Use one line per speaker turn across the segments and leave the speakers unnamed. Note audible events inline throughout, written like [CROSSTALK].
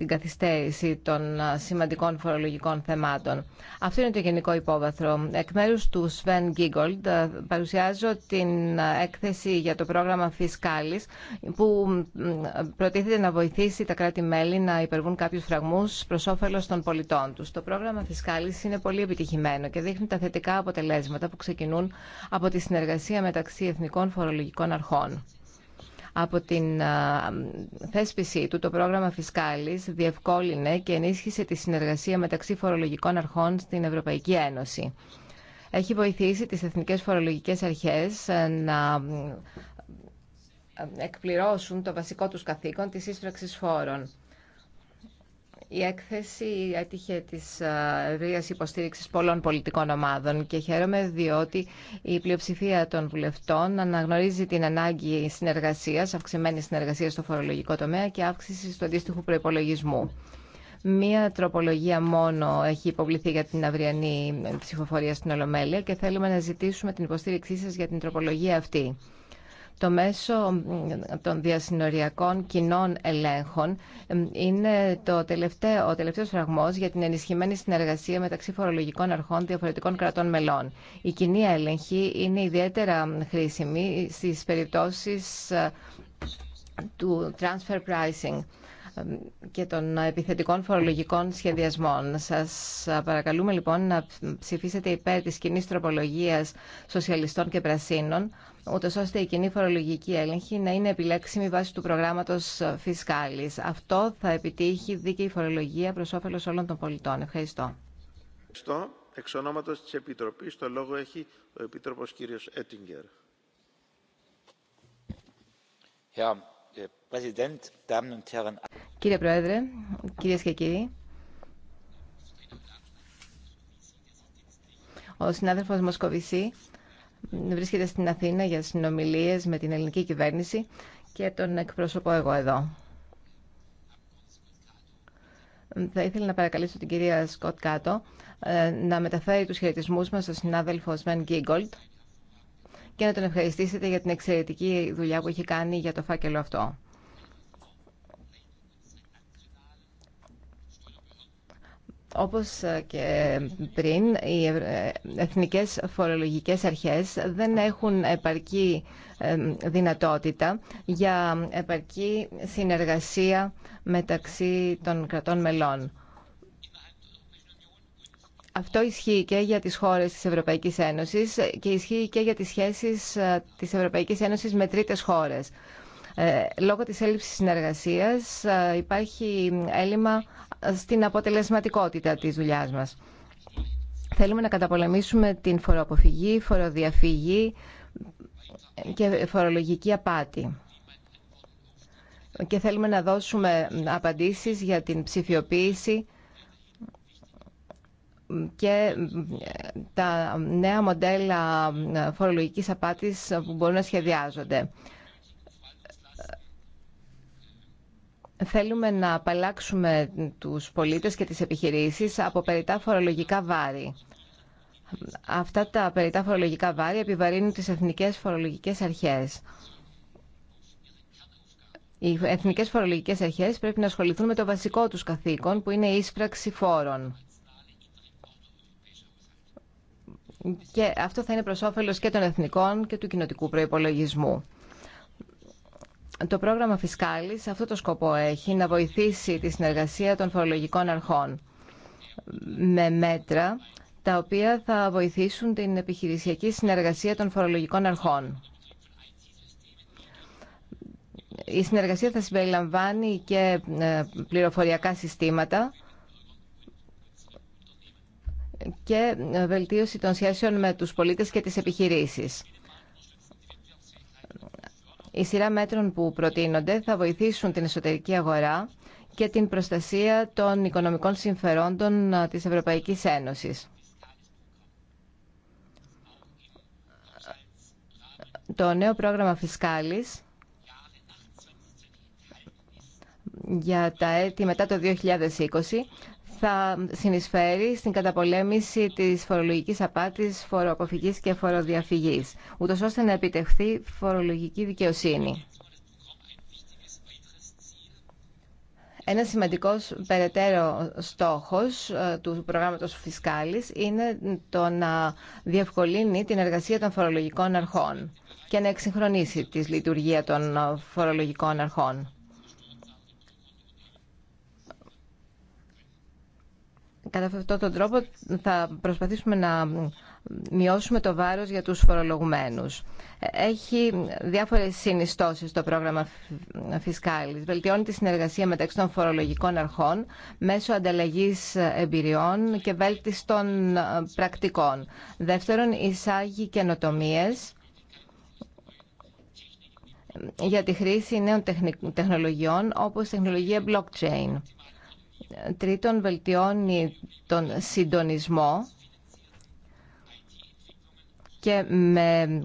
την καθυστέρηση των σημαντικών φορολογικών θεμάτων. Αυτό είναι το γενικό υπόβαθρο. Εκ μέρους του Sven Giegold παρουσιάζω την έκθεση για το πρόγραμμα Φισκάλης που προτίθεται να βοηθήσει τα κράτη-μέλη να υπερβούν κάποιους φραγμούς προς όφελος των πολιτών τους. Το πρόγραμμα Φισκάλης είναι πολύ επιτυχημένο και δείχνει τα θετικά αποτελέσματα που ξεκινούν από τη συνεργασία μεταξύ εθνικών φορολογικών αρχών. Από την θέσπιση του, το πρόγραμμα Φισκάλης διευκόλυνε και ενίσχυσε τη συνεργασία μεταξύ φορολογικών αρχών στην Ευρωπαϊκή Ένωση. Έχει βοηθήσει τις εθνικές φορολογικές αρχές ε, να ε, ε, εκπληρώσουν το βασικό τους καθήκον της ίσφραξης φόρων. Η έκθεση έτυχε της ευρεία υποστήριξη πολλών πολιτικών ομάδων και χαίρομαι διότι η πλειοψηφία των βουλευτών αναγνωρίζει την ανάγκη συνεργασίας, αυξημένη συνεργασία στο φορολογικό τομέα και αύξηση του αντίστοιχου προπολογισμού. Μία τροπολογία μόνο έχει υποβληθεί για την αυριανή ψηφοφορία στην Ολομέλεια και θέλουμε να ζητήσουμε την υποστήριξή σα για την τροπολογία αυτή. Το μέσο των διασυνοριακών κοινών ελέγχων είναι το τελευταίο, ο τελευταίος φραγμός για την ενισχυμένη συνεργασία μεταξύ φορολογικών αρχών διαφορετικών κρατών μελών. Η κοινή έλεγχη είναι ιδιαίτερα χρήσιμη στις περιπτώσεις ε, του transfer pricing ε, και των επιθετικών φορολογικών σχεδιασμών. Σας παρακαλούμε λοιπόν να ψηφίσετε υπέρ της κοινή τροπολογίας σοσιαλιστών και πρασίνων ούτως ώστε η κοινή φορολογική έλεγχη να είναι επιλέξιμη βάσει του προγράμματος φυσκάλη. Αυτό θα επιτύχει δίκαιη φορολογία προς όφελος όλων των πολιτών. Ευχαριστώ.
Ευχαριστώ. Εξ ονόματο τη Επιτροπής, το λόγο έχει ο Επίτροπος κύριος Έτιγκερ.
Äh,
κύριε Πρόεδρε, κύριε και κύριοι, ο συνάδελφος Μοσκοβισή βρίσκεται στην Αθήνα για συνομιλίες με την ελληνική κυβέρνηση και τον εκπρόσωπο εγώ εδώ. Θα ήθελα να παρακαλέσω την κυρία Σκοτ Κάτω ε, να μεταφέρει τους χαιρετισμούς μας στον συνάδελφο Σβέν Γκίγκολτ και να τον ευχαριστήσετε για την εξαιρετική δουλειά που έχει κάνει για το φάκελο αυτό. Όπως ε, και πριν, οι ε, εθνικές φορολογικές αρχές δεν έχουν επαρκή δυνατότητα για επαρκή συνεργασία μεταξύ των κρατών μελών. Αυτό ισχύει και για τις χώρες της Ευρωπαϊκής Ένωσης και ισχύει και για τις σχέσεις ε, της Ευρωπαϊκής Ένωσης με τρίτες χώρες. Λόγω της έλλειψης συνεργασίας υπάρχει έλλειμμα στην αποτελεσματικότητα της δουλειάς μας. Θέλουμε να καταπολεμήσουμε την φοροαποφυγή, φοροδιαφυγή και φορολογική απάτη. Και θέλουμε να δώσουμε απαντήσεις για την ψηφιοποίηση και τα νέα μοντέλα φορολογικής απάτης που μπορούν να σχεδιάζονται. Θέλουμε να απαλλάξουμε τους πολίτες και τις επιχειρήσεις από περιτά φορολογικά βάρη. Αυτά τα περιτά φορολογικά βάρη επιβαρύνουν τις εθνικές φορολογικές αρχές. Οι εθνικές φορολογικές αρχές πρέπει να ασχοληθούν με το βασικό τους καθήκον, που είναι η ίσπραξη φόρων. Και αυτό θα είναι προς όφελος και των εθνικών και του κοινοτικού προϋπολογισμού. Το πρόγραμμα Φισκάλης αυτό το σκοπό έχει, να βοηθήσει τη συνεργασία των φορολογικών αρχών με μέτρα τα οποία θα βοηθήσουν την επιχειρησιακή συνεργασία των φορολογικών αρχών. Η συνεργασία θα συμπεριλαμβάνει και ε, πληροφοριακά συστήματα και ε, βελτίωση των σχέσεων με τους πολίτες και τις επιχειρήσεις. Η σειρά μέτρων που προτείνονται θα βοηθήσουν την εσωτερική αγορά και την προστασία των οικονομικών συμφερόντων της Ευρωπαϊκής Ένωσης. Το νέο πρόγραμμα Φισκάλης για τα έτη μετά το 2020 θα συνεισφέρει στην καταπολέμηση της φορολογικής απάτης, φοροαποφυγής και φοροδιαφυγής, ούτως ώστε να επιτευχθεί φορολογική δικαιοσύνη. Ένα σημαντικός περαιτέρω στόχος ε, του προγράμματος φυσκάλης είναι το να διευκολύνει την εργασία των φορολογικών αρχών και να εξυγχρονίσει τη λειτουργία των ε, φορολογικών αρχών. Κατά αυτόν τον τρόπο θα προσπαθήσουμε να μειώσουμε το βάρος για τους φορολογουμένους. Έχει διάφορες συνιστώσεις το πρόγραμμα Φισκάλης. Βελτιώνει τη συνεργασία μεταξύ των φορολογικών αρχών μέσω ανταλλαγής εμπειριών και βέλτιστων πρακτικών. Δεύτερον, εισάγει καινοτομίε, για τη χρήση νέων τεχνολογιών όπως τεχνολογία blockchain τρίτον βελτιώνει τον συντονισμό και με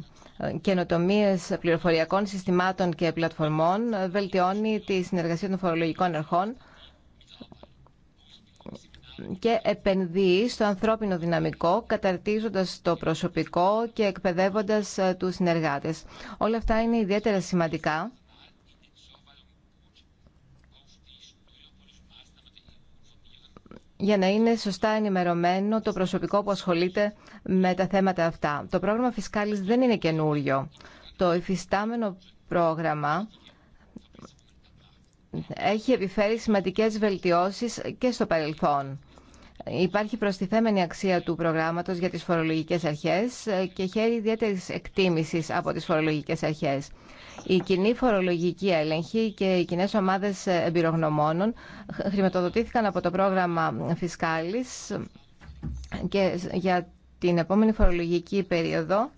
καινοτομίε πληροφοριακών συστημάτων και πλατφορμών βελτιώνει τη συνεργασία των φορολογικών αρχών και επενδύει στο ανθρώπινο δυναμικό, καταρτίζοντας το προσωπικό και εκπαιδεύοντας ε, τους συνεργάτες. Όλα αυτά είναι ιδιαίτερα σημαντικά για να είναι σωστά ενημερωμένο το προσωπικό που ασχολείται με τα θέματα αυτά. Το πρόγραμμα Φισκάλης δεν είναι καινούριο. Το υφιστάμενο πρόγραμμα έχει επιφέρει σημαντικές βελτιώσεις και στο παρελθόν. Υπάρχει προστιθέμενη αξία του προγράμματος για τις φορολογικές αρχές και χαίρει ιδιαίτερη εκτίμησης από τις φορολογικές αρχές. Οι κοινοί φορολογική έλεγχοι και οι κοινέ ομάδε εμπειρογνωμόνων χρηματοδοτήθηκαν από το πρόγραμμα Φισκάλη και για την επόμενη φορολογική περίοδο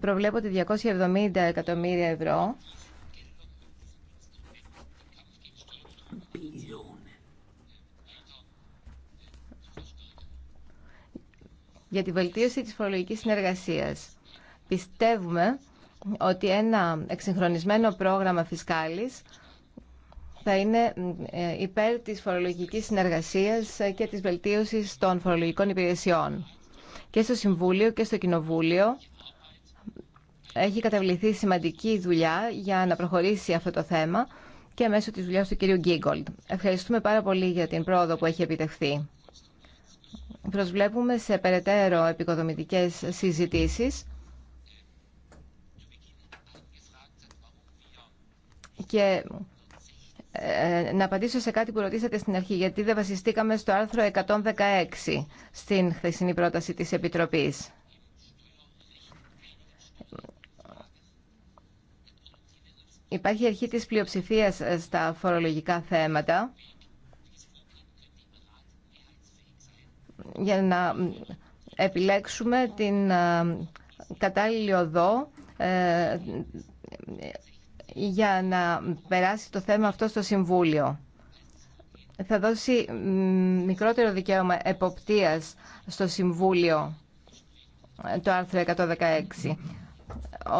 προβλέπονται 270 εκατομμύρια ευρώ. για τη βελτίωση της φορολογικής συνεργασίας. Πιστεύουμε ότι ένα εξυγχρονισμένο πρόγραμμα φυσκάλης θα είναι ε, υπέρ της φορολογικής συνεργασίας ε, και της βελτίωσης των φορολογικών υπηρεσιών. Και στο Συμβούλιο και στο Κοινοβούλιο έχει καταβληθεί σημαντική δουλειά για να προχωρήσει αυτό το θέμα και μέσω της δουλειάς του κυρίου Γκίγκολτ. Ευχαριστούμε πάρα πολύ για την πρόοδο που έχει επιτευχθεί. Προσβλέπουμε σε περαιτέρω επικοδομητικές συζητήσεις Και ε, να απαντήσω σε κάτι που ρωτήσατε στην αρχή, γιατί δεν βασιστήκαμε στο άρθρο 116 στην χθεσινή πρόταση της Επιτροπής. Υπάρχει αρχή της πλειοψηφίας στα φορολογικά θέματα για να επιλέξουμε την ε, κατάλληλη οδό ε, για να περάσει το θέμα αυτό στο Συμβούλιο. Θα δώσει μικρότερο δικαίωμα εποπτείας στο Συμβούλιο ε, το άρθρο 116.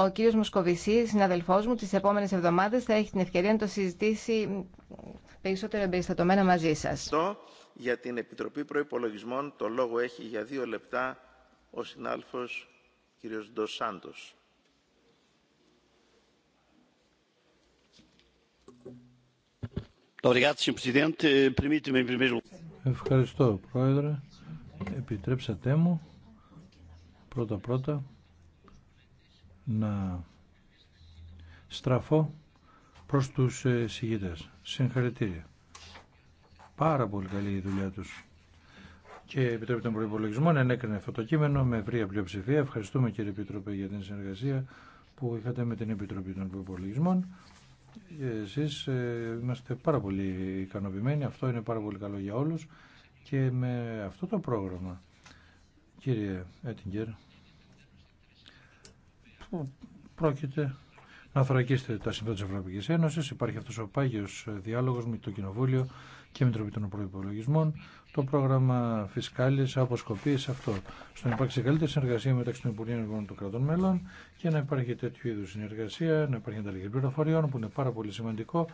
Ο κύριος Μουσκοβισή, συναδελφός μου, τις επόμενες εβδομάδες θα έχει την ευκαιρία να το συζητήσει περισσότερο εμπεριστατωμένα μαζί σας.
Για την Επιτροπή Προϋπολογισμών το λόγο έχει για δύο λεπτά ο συνάλφος κύριος Ντοσάντος.
Ευχαριστώ, Πρόεδρε. Επιτρέψατε μου πρώτα-πρώτα να στραφώ προς τους ε, συγγητές. Συγχαρητήρια. Πάρα πολύ καλή η δουλειά τους. Και η Επιτροπή των Προπολογισμών ενέκρινε αυτό το κείμενο με ευρία πλειοψηφία. Ευχαριστούμε κύριε Επιτροπέ για την συνεργασία που είχατε με την Επιτροπή των Προϋπολογισμών εσείς ε, είμαστε πάρα πολύ ικανοποιημένοι, αυτό είναι πάρα πολύ καλό για όλους και με αυτό το πρόγραμμα, κύριε Έτιγκερ, πρόκειται να θωρακίσετε τα συμφέροντα τη Ευρωπαϊκή Ένωση. Υπάρχει αυτό ο πάγιο διάλογο με το Κοινοβούλιο και με την Επιτροπή των προπολογισμών. Το πρόγραμμα φυσκάλη αποσκοπεί σε αυτό. Στο να υπάρξει καλύτερη συνεργασία μεταξύ των Υπουργείων Εργών των κρατών μελών και να υπάρχει τέτοιου είδου συνεργασία, να υπάρχει ανταλλαγή πληροφοριών που είναι πάρα πολύ σημαντικό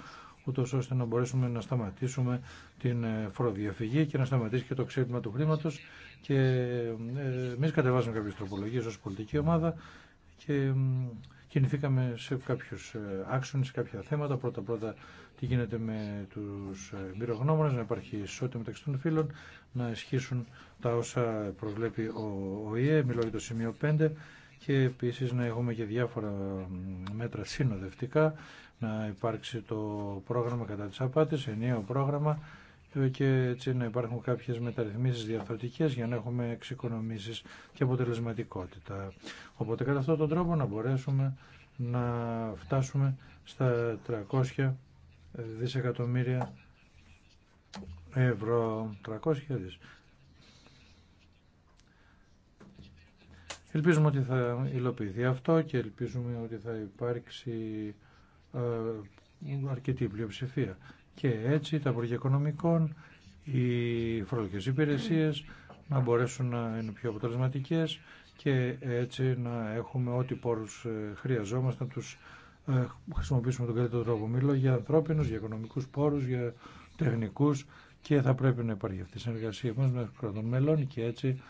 ούτω ώστε να μπορέσουμε να σταματήσουμε την ε, φοροδιαφυγή και να σταματήσει και το ξέπλυμα του χρήματο. Και ε, εμεί κατεβάζουμε κάποιε τροπολογίε ω πολιτική ομάδα και κινηθήκαμε σε κάποιου ε, άξονες, σε κάποια θέματα. Πρώτα-πρώτα τι γίνεται με τους ε, εμπειρογνώμονες, να υπάρχει ισότητα μεταξύ των φύλων, να ισχύσουν τα όσα προβλέπει ο ΙΕ, μιλώ για το σημείο 5, και επίσης να έχουμε και διάφορα μέτρα συνοδευτικά, να υπάρξει το πρόγραμμα κατά της απάτης, ενιαίο πρόγραμμα, και έτσι να υπάρχουν κάποιες μεταρρυθμίσεις διαφορετικές για να έχουμε εξοικονομήσεις και αποτελεσματικότητα. Οπότε κατά αυτόν τον τρόπο να μπορέσουμε να φτάσουμε στα 300 δισεκατομμύρια ευρώ. 300 Ελπίζουμε ότι θα υλοποιηθεί αυτό και ελπίζουμε ότι θα υπάρξει ε, αρκετή πλειοψηφία και έτσι τα Υπουργεία Οικονομικών, οι φορολογικέ υπηρεσίε να μπορέσουν να είναι πιο αποτελεσματικέ και έτσι να έχουμε ό,τι πόρου ε, χρειαζόμαστε να του ε, χρησιμοποιήσουμε τον καλύτερο τρόπο. Μιλώ για ανθρώπινου, για οικονομικού πόρου, για τεχνικού και θα πρέπει να υπάρχει αυτή η συνεργασία μα με κρατών μέλλον, και έτσι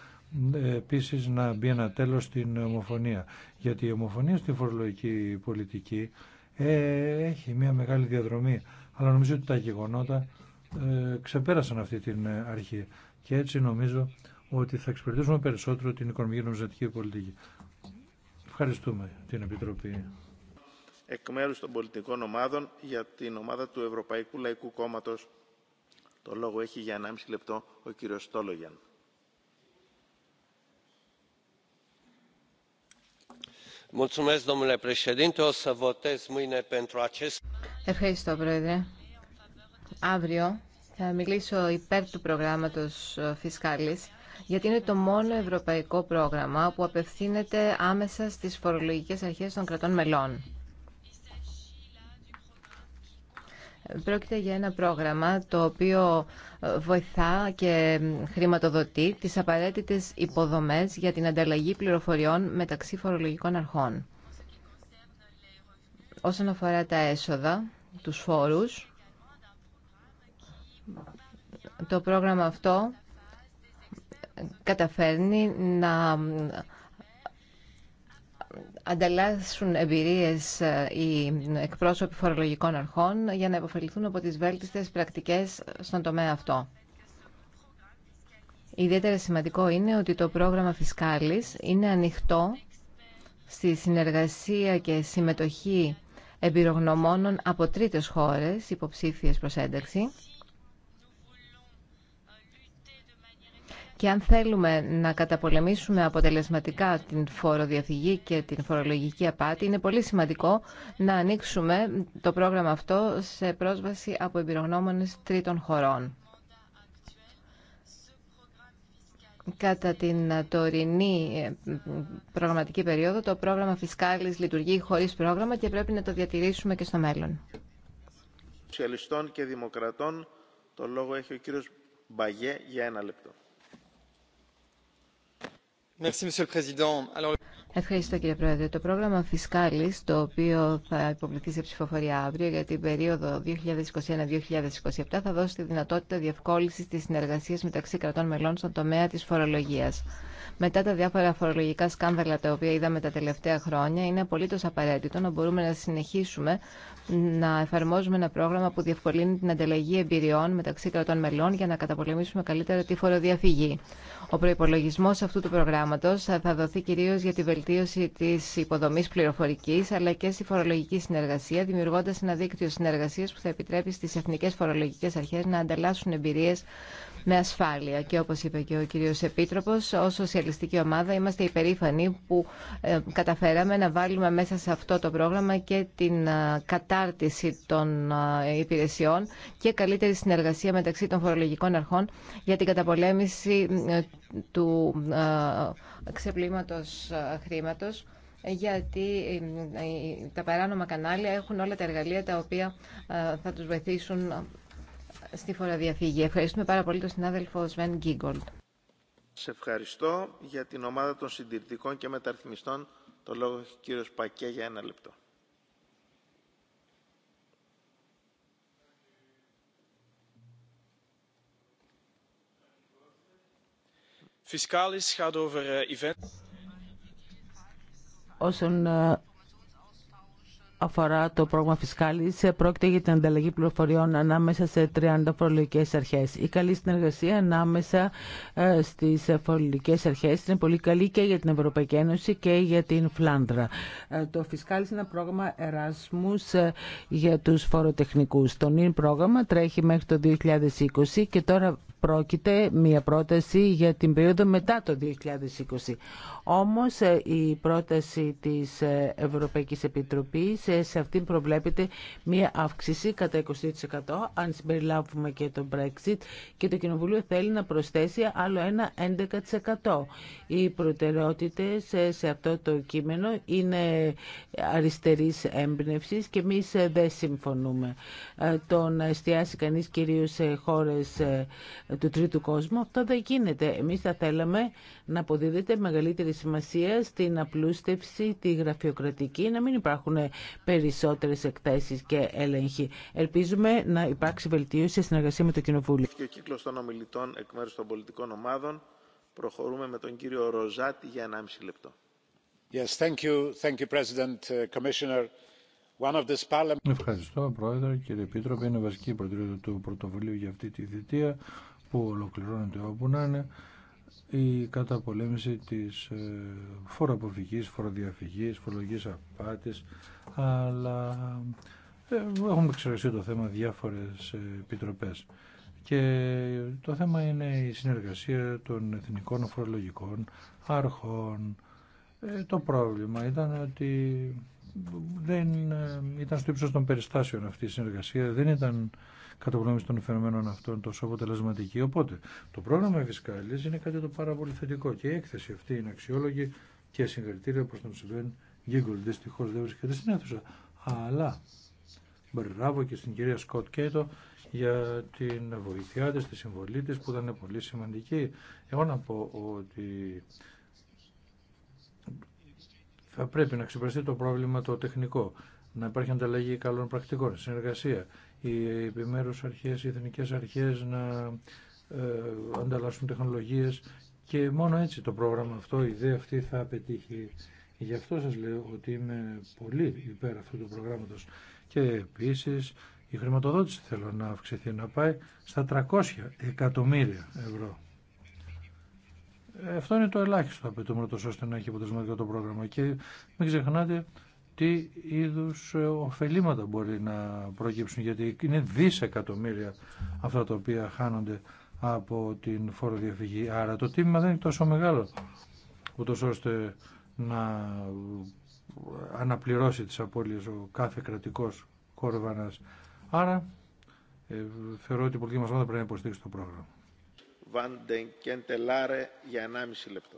ε, επίση να μπει ένα τέλο στην ομοφωνία. Γιατί η ομοφωνία στη φορολογική πολιτική έχει μια μεγάλη διαδρομή αλλά νομίζω ότι τα γεγονότα ε, ξεπέρασαν αυτή την ε, αρχή και έτσι νομίζω ότι θα εξυπηρετήσουμε περισσότερο την οικονομική νομισματική πολιτική. Ευχαριστούμε την Επιτροπή. Εκ
μέρους των πολιτικών ομάδων για την ομάδα του Ευρωπαϊκού Λαϊκού Κόμματος το λόγο έχει για 1,5 λεπτό ο κύριος Στόλογιαν.
Ευχαριστώ, Πρόεδρε. Αύριο θα μιλήσω υπέρ του προγράμματος ε, Φυσκάλη, γιατί είναι το μόνο ευρωπαϊκό πρόγραμμα που απευθύνεται άμεσα στις φορολογικές αρχές των κρατών μελών. Πρόκειται για ένα πρόγραμμα το οποίο βοηθά και χρηματοδοτεί τις απαραίτητες υποδομές για την ανταλλαγή πληροφοριών μεταξύ φορολογικών αρχών. Όσον αφορά τα έσοδα, τους φόρους, το πρόγραμμα αυτό καταφέρνει να ανταλλάσσουν εμπειρίες ε, οι εκπρόσωποι φορολογικών αρχών για να υποφεληθούν από τις βέλτιστες πρακτικές στον τομέα αυτό. Ιδιαίτερα σημαντικό είναι ότι το πρόγραμμα Φισκάλης είναι ανοιχτό στη συνεργασία και συμμετοχή εμπειρογνωμόνων από τρίτες χώρες υποψήφιες προς ένταξη Και αν θέλουμε να καταπολεμήσουμε αποτελεσματικά την φοροδιαφυγή και την φορολογική απάτη, είναι πολύ σημαντικό να ανοίξουμε το πρόγραμμα αυτό σε πρόσβαση από εμπειρογνώμονες τρίτων χωρών. Κατά την τωρινή ε, προγραμματική περίοδο, το πρόγραμμα Φισκάλης λειτουργεί χωρίς πρόγραμμα και πρέπει να το διατηρήσουμε και στο μέλλον.
και Δημοκρατών, το λόγο έχει ο κύριος για ένα λεπτό.
Ευχαριστώ κύριε Πρόεδρε. Το πρόγραμμα Φισκάλη, το οποίο θα υποβληθεί σε ψηφοφορία αύριο για την περίοδο 2021-2027, θα δώσει τη δυνατότητα διευκόλυνση τη συνεργασία μεταξύ κρατών μελών στον τομέα τη φορολογία. Μετά τα διάφορα φορολογικά σκάνδαλα τα οποία είδαμε τα τελευταία χρόνια, είναι απολύτω απαραίτητο να μπορούμε να συνεχίσουμε να εφαρμόζουμε ένα πρόγραμμα που διευκολύνει την ανταλλαγή εμπειριών μεταξύ κρατών μελών για να καταπολεμήσουμε καλύτερα τη φοροδιαφυγή. Ο προπολογισμό αυτού του προγράμματο θα δοθεί κυρίω για τη βελτίωση τη υποδομή πληροφορική αλλά και στη φορολογική συνεργασία, δημιουργώντα ένα δίκτυο συνεργασία που θα επιτρέπει στι εθνικέ φορολογικέ αρχέ να ανταλλάσσουν εμπειρίε με ασφάλεια. Και όπως είπε και ο κύριος Επίτροπος, ως σοσιαλιστική ομάδα είμαστε υπερήφανοι που ε, καταφέραμε να βάλουμε μέσα σε αυτό το πρόγραμμα και την ε, κατάρτιση των ε, υπηρεσιών και καλύτερη συνεργασία μεταξύ των φορολογικών αρχών για την καταπολέμηση του ξεπλήματος χρήματος γιατί τα παράνομα κανάλια έχουν όλα τα εργαλεία τα οποία θα τους βοηθήσουν στη φορά φοροδιαφύγη. Ευχαριστούμε πάρα πολύ τον συνάδελφο Σβέν Γκίγκολτ.
Σε ευχαριστώ για την ομάδα των συντηρητικών και μεταρρυθμιστών. Το λόγο έχει ο κύριο Πακέ για ένα λεπτό.
Uh,
Όσον ε, αφορά το πρόγραμμα Φισκάλης, πρόκειται για την ανταλλαγή πληροφοριών ανάμεσα σε 30 φορολογικές αρχές. Η καλή συνεργασία ανάμεσα ε, στις φορολογικές αρχές είναι πολύ καλή και για την Ευρωπαϊκή Ένωση και για την Φλάνδρα. Ε, το Φισκάλης είναι ένα πρόγραμμα εράσμους για τους φοροτεχνικούς. Το νυν πρόγραμμα τρέχει μέχρι το 2020 και τώρα πρόκειται μια πρόταση για την περίοδο μετά το 2020. Όμως ε, η πρόταση της Ευρωπαϊκής Επιτροπής σε αυτήν προβλέπεται μία αύξηση κατά 20% αν συμπεριλάβουμε και το Brexit και το Κοινοβούλιο θέλει να προσθέσει άλλο ένα 11%. Οι προτεραιότητες σε αυτό το κείμενο είναι αριστερής έμπνευση και εμεί δεν συμφωνούμε. Ε, το να εστιάσει κανείς κυρίως σε χώρες ε, του τρίτου κόσμου, αυτό δεν γίνεται. Εμείς θα θέλαμε να αποδίδεται μεγαλύτερη σημασία στην απλούστευση, τη γραφειοκρατική, να μην υπάρχουν περισσότερες εκθέσεις και έλεγχοι. Ελπίζουμε να υπάρξει βελτίωση σε συνεργασία με το Κοινοβούλιο. Και
ο κύκλος των ομιλητών εκ μέρους των πολιτικών ομάδων. Προχωρούμε με τον κύριο Ροζάτη για 1,5 λεπτό.
Yes, thank you, thank you, President, uh, Commissioner. One of
this parliament... Ευχαριστώ, Πρόεδρε, κύριε Επίτροπε. Είναι βασική προτεραιότητα του πρωτοβουλίου για αυτή τη θητεία που ολοκληρώνεται όπου να είναι η καταπολέμηση της ε, φοροαποφυγής, φοροδιαφυγής, φορολογικής απάτης, αλλά ε, έχουμε εξεργαστεί το θέμα διάφορες ε, επιτροπές. Και το θέμα είναι η συνεργασία των εθνικών φορολογικών αρχών. Το πρόβλημα ήταν ότι δεν ήταν στο ύψος των περιστάσεων αυτή η συνεργασία, δεν ήταν γνώμη των φαινομένων αυτών τόσο αποτελεσματική. Οπότε το πρόγραμμα Ευησκάλης είναι κάτι το πάρα πολύ θετικό και η έκθεση αυτή είναι αξιόλογη και συγχαρητήρια προ τον Σιβέν Γκίγκολ. Δυστυχώ δεν βρίσκεται στην αίθουσα. Αλλά μπράβο και στην κυρία Σκοτ Κέιτο για την βοήθειά της, τη συμβολή τη που ήταν πολύ σημαντική. Εγώ να πω ότι θα πρέπει να ξεπεραστεί το πρόβλημα το τεχνικό, να υπάρχει ανταλλαγή καλών πρακτικών, συνεργασία οι επιμέρους αρχές, οι εθνικές αρχές να ε, ανταλλάσσουν τεχνολογίες και μόνο έτσι το πρόγραμμα αυτό, η ιδέα αυτή θα πετύχει. Γι' αυτό σας λέω ότι είμαι πολύ υπέρ αυτού του προγράμματος. Και επίσης η χρηματοδότηση θέλω να αυξηθεί, να πάει στα 300 εκατομμύρια ευρώ. Ε, αυτό είναι το ελάχιστο απαιτούμενο τόσο ώστε να έχει αποτελεσματικό το πρόγραμμα. Και μην ξεχνάτε τι είδους ε, ωφελήματα μπορεί να προκύψουν γιατί είναι δισεκατομμύρια αυτά τα οποία χάνονται από την φοροδιαφυγή. Άρα το τίμημα δεν είναι τόσο μεγάλο ούτως ώστε να αναπληρώσει τις απώλειες ο κάθε κρατικός κόρβανας. Άρα ε, θεωρώ ότι η πολιτική μας πρέπει να υποστήριξει το πρόγραμμα.
και για 1,5 λεπτό.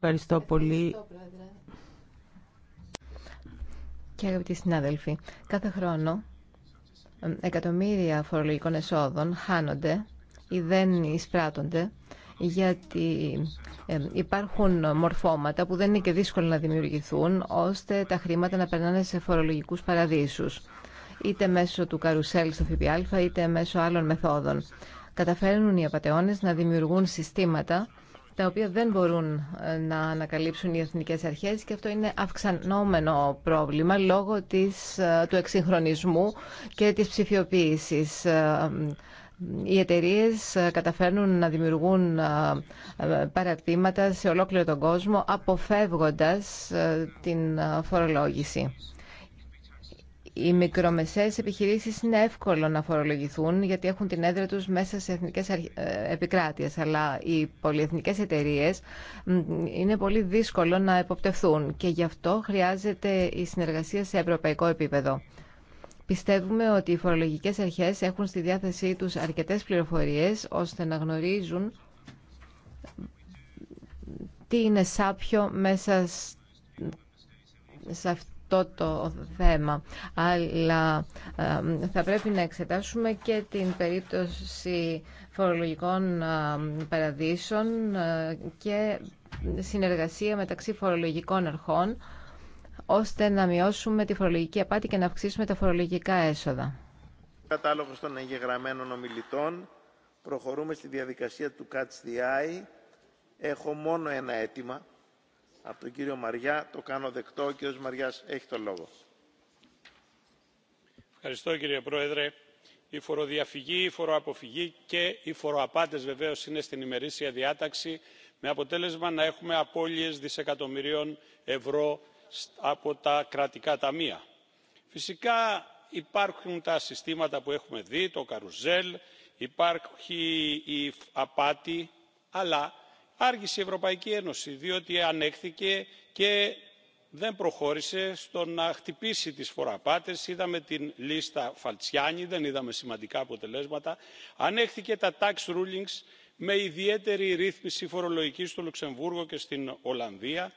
Ευχαριστώ πολύ.
Και αγαπητοί συνάδελφοι, κάθε χρόνο εκατομμύρια φορολογικών εσόδων χάνονται ή δεν εισπράττονται γιατί υπάρχουν μορφώματα που δεν είναι και δύσκολο να δημιουργηθούν ώστε τα χρήματα να περνάνε σε φορολογικούς παραδείσους είτε μέσω του καρουσέλ στο ΦΠΑ είτε μέσω άλλων μεθόδων καταφέρνουν οι απαταιώνες να δημιουργούν συστήματα τα οποία δεν μπορούν ε, να ανακαλύψουν οι εθνικές αρχές και αυτό είναι αυξανόμενο πρόβλημα λόγω της, ε, του εξυγχρονισμού και της ψηφιοποίησης. Ε, οι εταιρείε καταφέρνουν να δημιουργούν παρατήματα σε ολόκληρο τον κόσμο, αποφεύγοντας την φορολόγηση οι μικρομεσαίες επιχειρήσεις είναι εύκολο να φορολογηθούν γιατί έχουν την έδρα τους μέσα σε εθνικές ε, επικράτειες αλλά οι πολυεθνικές εταιρείες είναι πολύ δύσκολο να εποπτευθούν και γι' αυτό χρειάζεται η συνεργασία σε ευρωπαϊκό επίπεδο. Πιστεύουμε ότι οι φορολογικές αρχές έχουν στη διάθεσή τους αρκετές πληροφορίες ώστε να γνωρίζουν τι είναι σάπιο μέσα σε αυτό αυτό το θέμα. Αλλά ε, θα πρέπει να εξετάσουμε και την περίπτωση φορολογικών ε, παραδείσων ε, και συνεργασία μεταξύ φορολογικών αρχών ώστε να μειώσουμε τη φορολογική απάτη και να αυξήσουμε τα φορολογικά έσοδα.
Κατάλογος των εγγεγραμμένων ομιλητών. Προχωρούμε στη διαδικασία του Catch Έχω μόνο ένα αίτημα από τον κύριο Μαριά. Το κάνω δεκτό. Ο κύριος Μαριάς έχει το λόγο.
Ευχαριστώ κύριε Πρόεδρε. Η φοροδιαφυγή, η φοροαποφυγή και οι φοροαπάτες βεβαίως είναι στην ημερήσια διάταξη με αποτέλεσμα να έχουμε απώλειες δισεκατομμυρίων ευρώ από τα κρατικά ταμεία. Φυσικά υπάρχουν τα συστήματα που έχουμε δει, το καρουζέλ, υπάρχει η απάτη, αλλά άργησε η ευρωπαϊκή ένωση διότι ανέχθηκε και δεν προχώρησε στο να χτυπήσει τις φοραπάτες. είδαμε την λίστα Φαλτσιάνη, δεν είδαμε σημαντικά αποτελέσματα ανέχθηκε τα tax rulings με ιδιαίτερη ρύθμιση φορολογική στο λουξεμβούργο και στην ολλανδία.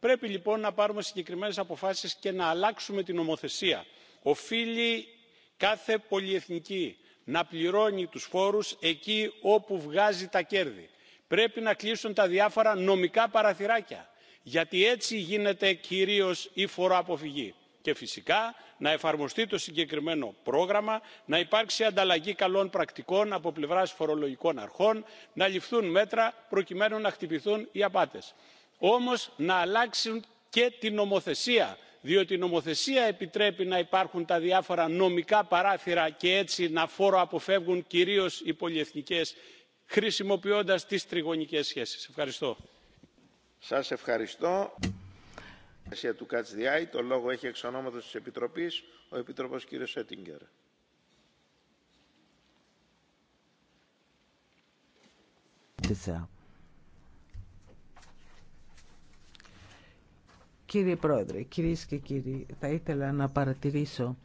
πρέπει λοιπόν να πάρουμε συγκεκριμένες αποφάσεις και να αλλάξουμε την νομοθεσία. οφείλει κάθε πολυεθνική να πληρώνει τους φόρους εκεί όπου βγάζει τα κέρδη πρέπει να κλείσουν τα διάφορα νομικά παραθυράκια γιατί έτσι γίνεται κυρίως η φοροαποφυγή και φυσικά να εφαρμοστεί το συγκεκριμένο πρόγραμμα να υπάρξει ανταλλαγή καλών πρακτικών από πλευράς φορολογικών αρχών να ληφθούν μέτρα προκειμένου να χτυπηθούν οι απάτες. όμως να αλλάξουν και την νομοθεσία διότι η νομοθεσία επιτρέπει να υπάρχουν τα διάφορα νομικά παράθυρα και έτσι να φοροαποφεύγουν κυρίως οι πολυεθνικές χρησιμοποιώντας τις τριγωνικές σχέσεις. Ευχαριστώ.
Σας ευχαριστώ. Ευχαριστώ του Κατσδιάη. Το λόγο έχει εξ ονόματος της Επιτροπής ο Επίτροπος κ. Σέτιγκερ.
Κύριε Πρόεδρε, κυρίες και κύριοι, θα ήθελα να παρατηρήσω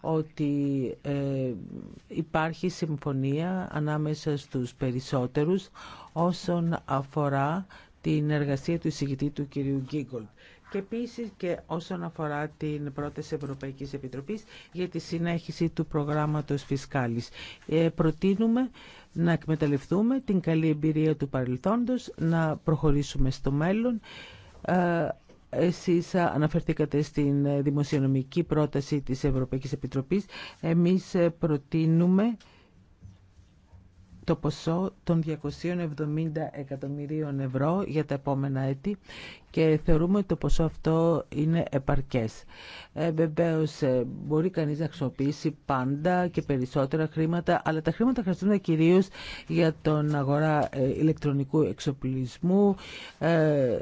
ότι ε, υπάρχει συμφωνία ανάμεσα στους περισσότερους όσον αφορά την εργασία του εισηγητή του κυρίου Γκίγκολτ και επίσης και όσον αφορά την πρόταση Ευρωπαϊκής Επιτροπής για τη συνέχιση του προγράμματος Φισκάλης. Ε, προτείνουμε να εκμεταλλευτούμε την καλή εμπειρία του παρελθόντος, να προχωρήσουμε στο μέλλον. Ε, εσείς αναφερθήκατε στην δημοσιονομική πρόταση της Ευρωπαϊκής Επιτροπής. Εμείς προτείνουμε το ποσό των 270 εκατομμυρίων ευρώ για τα επόμενα έτη και θεωρούμε ότι το ποσό αυτό είναι επαρκές. Ε, Βεβαίω ε, μπορεί κανείς να χρησιμοποιήσει πάντα και περισσότερα χρήματα, αλλά τα χρήματα χρησιμοποιούνται κυρίως για τον αγορά ε, ηλεκτρονικού εξοπλισμού, ε,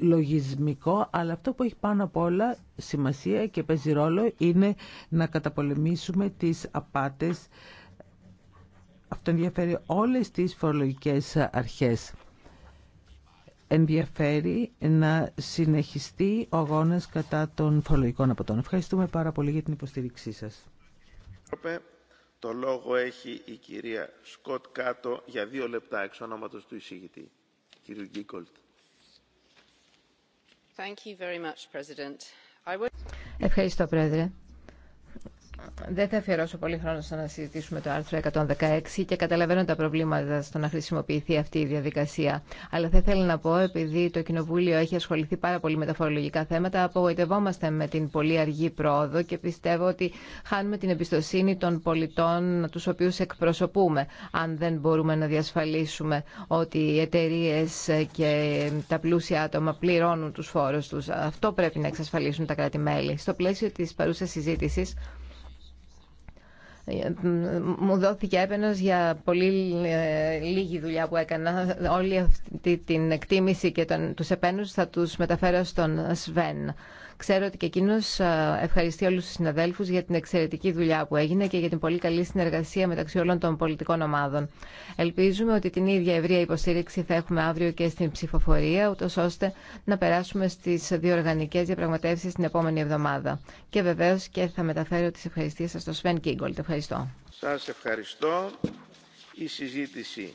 λογισμικό, αλλά αυτό που έχει πάνω απ' όλα σημασία και παίζει ρόλο είναι να καταπολεμήσουμε τις απάτες. Αυτό ενδιαφέρει όλες τις φορολογικές αρχές. Ενδιαφέρει να συνεχιστεί ο αγώνας κατά των φορολογικών αποτών. Ευχαριστούμε πάρα πολύ για την υποστήριξή σας.
Το λόγο έχει η κυρία Σκοτ Κάτω για δύο λεπτά εξ ονόματος του εισηγητή, κύριου Γκίκολτ.
Ευχαριστώ, Πρόεδρε δεν θα αφιερώσω πολύ χρόνο στο να συζητήσουμε το άρθρο 116 και καταλαβαίνω τα προβλήματα στο να χρησιμοποιηθεί αυτή η διαδικασία. Αλλά θα ήθελα να πω, επειδή το Κοινοβούλιο έχει ασχοληθεί πάρα πολύ με τα φορολογικά θέματα, απογοητευόμαστε με την πολύ αργή πρόοδο και πιστεύω ότι χάνουμε την εμπιστοσύνη των πολιτών, του οποίου εκπροσωπούμε, αν δεν μπορούμε να διασφαλίσουμε ότι οι εταιρείε και τα πλούσια άτομα πληρώνουν του φόρου του. Αυτό πρέπει να εξασφαλίσουν τα κράτη-μέλη. Στο πλαίσιο τη παρούσα συζήτηση, μου δόθηκε έπαινος για πολύ ε, λίγη δουλειά που έκανα. Όλη αυτή την εκτίμηση και τον, τους επένους θα τους μεταφέρω στον Σβέν. Ξέρω ότι και εκείνο ε, ευχαριστεί όλου του συναδέλφου για την εξαιρετική δουλειά που έγινε και για την πολύ καλή συνεργασία μεταξύ όλων των πολιτικών ομάδων. Ελπίζουμε ότι την ίδια ευρεία υποστήριξη θα έχουμε αύριο και στην ψηφοφορία, ούτω ώστε να περάσουμε στι διοργανικέ διαπραγματεύσει την επόμενη εβδομάδα. Και βεβαίω και θα μεταφέρω τι ευχαριστίε σα στο Σβέν Κίγκολτ. Ευχαριστώ.
Σα ευχαριστώ. Η συζήτηση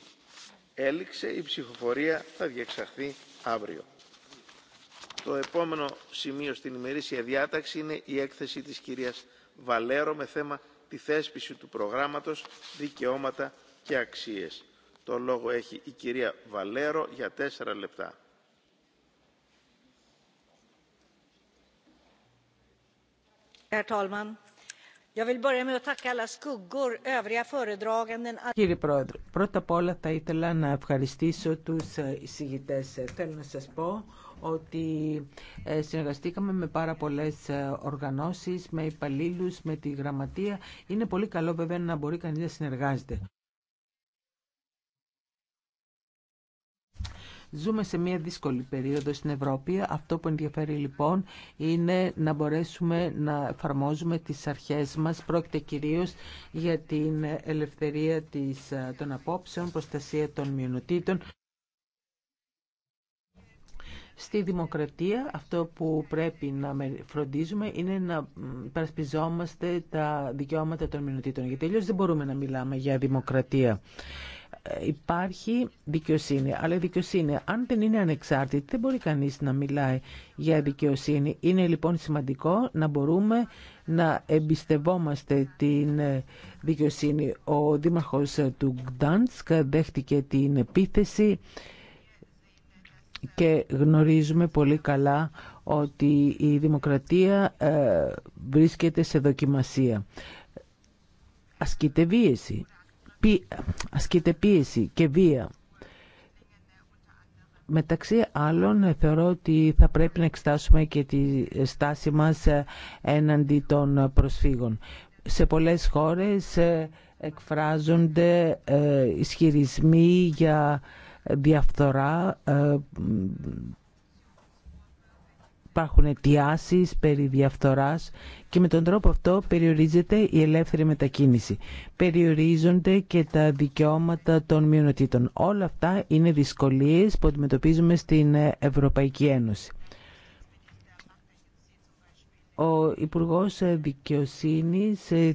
έληξε. Η ψηφοφορία θα διεξαχθεί αύριο. Το επόμενο σημείο στην ημερήσια διάταξη είναι η έκθεση της κυρίας Βαλέρο με θέμα τη θέσπιση του προγράμματος «Δικαιώματα και αξίες». Το λόγο έχει η κυρία Βαλέρο για τέσσερα λεπτά.
Κύριε
Πρόεδρε, πρώτα απ' όλα θα ήθελα να ευχαριστήσω τους ε, εισηγητές. Ε, θέλω να σας πω ότι ε, συνεργαστήκαμε με πάρα πολλές ε, οργανώσεις, με υπαλλήλου, με τη γραμματεία. Είναι πολύ καλό βέβαια να μπορεί κανείς να συνεργάζεται. Ζούμε σε μια δύσκολη περίοδο στην Ευρώπη. Αυτό που ενδιαφέρει λοιπόν είναι να μπορέσουμε να εφαρμόζουμε τις αρχές μας. Πρόκειται κυρίως για την ελευθερία ε, των απόψεων, προστασία των μειονοτήτων. Στη δημοκρατία αυτό που πρέπει να φροντίζουμε είναι να παρασπιζόμαστε τα δικαιώματα των μηνωτήτων γιατί τελείως δεν μπορούμε να μιλάμε για δημοκρατία ε, υπάρχει δικαιοσύνη. Αλλά η δικαιοσύνη, αν δεν είναι ανεξάρτητη, δεν μπορεί κανείς να μιλάει για δικαιοσύνη. Είναι λοιπόν σημαντικό να μπορούμε να εμπιστευόμαστε την ε, δικαιοσύνη. Ο δήμαρχος του Γκτάντσκ δέχτηκε την επίθεση και γνωρίζουμε πολύ καλά ότι η δημοκρατία ε, βρίσκεται σε δοκιμασία. Ασκείται πίεση, ασκείται πίεση και βία. Μεταξύ άλλων θεωρώ ότι θα πρέπει να εξτάσουμε και τη στάση μας ε, έναντι των προσφύγων. Σε πολλές χώρες ε, εκφράζονται ισχυρισμοί για διαφθορά, ε, υπάρχουν αιτιάσεις περί διαφθοράς και με τον τρόπο αυτό περιορίζεται η ελεύθερη μετακίνηση. Περιορίζονται και τα δικαιώματα των μειονοτήτων. Όλα αυτά είναι δυσκολίες που αντιμετωπίζουμε στην Ευρωπαϊκή Ένωση. Ο Υπουργός σε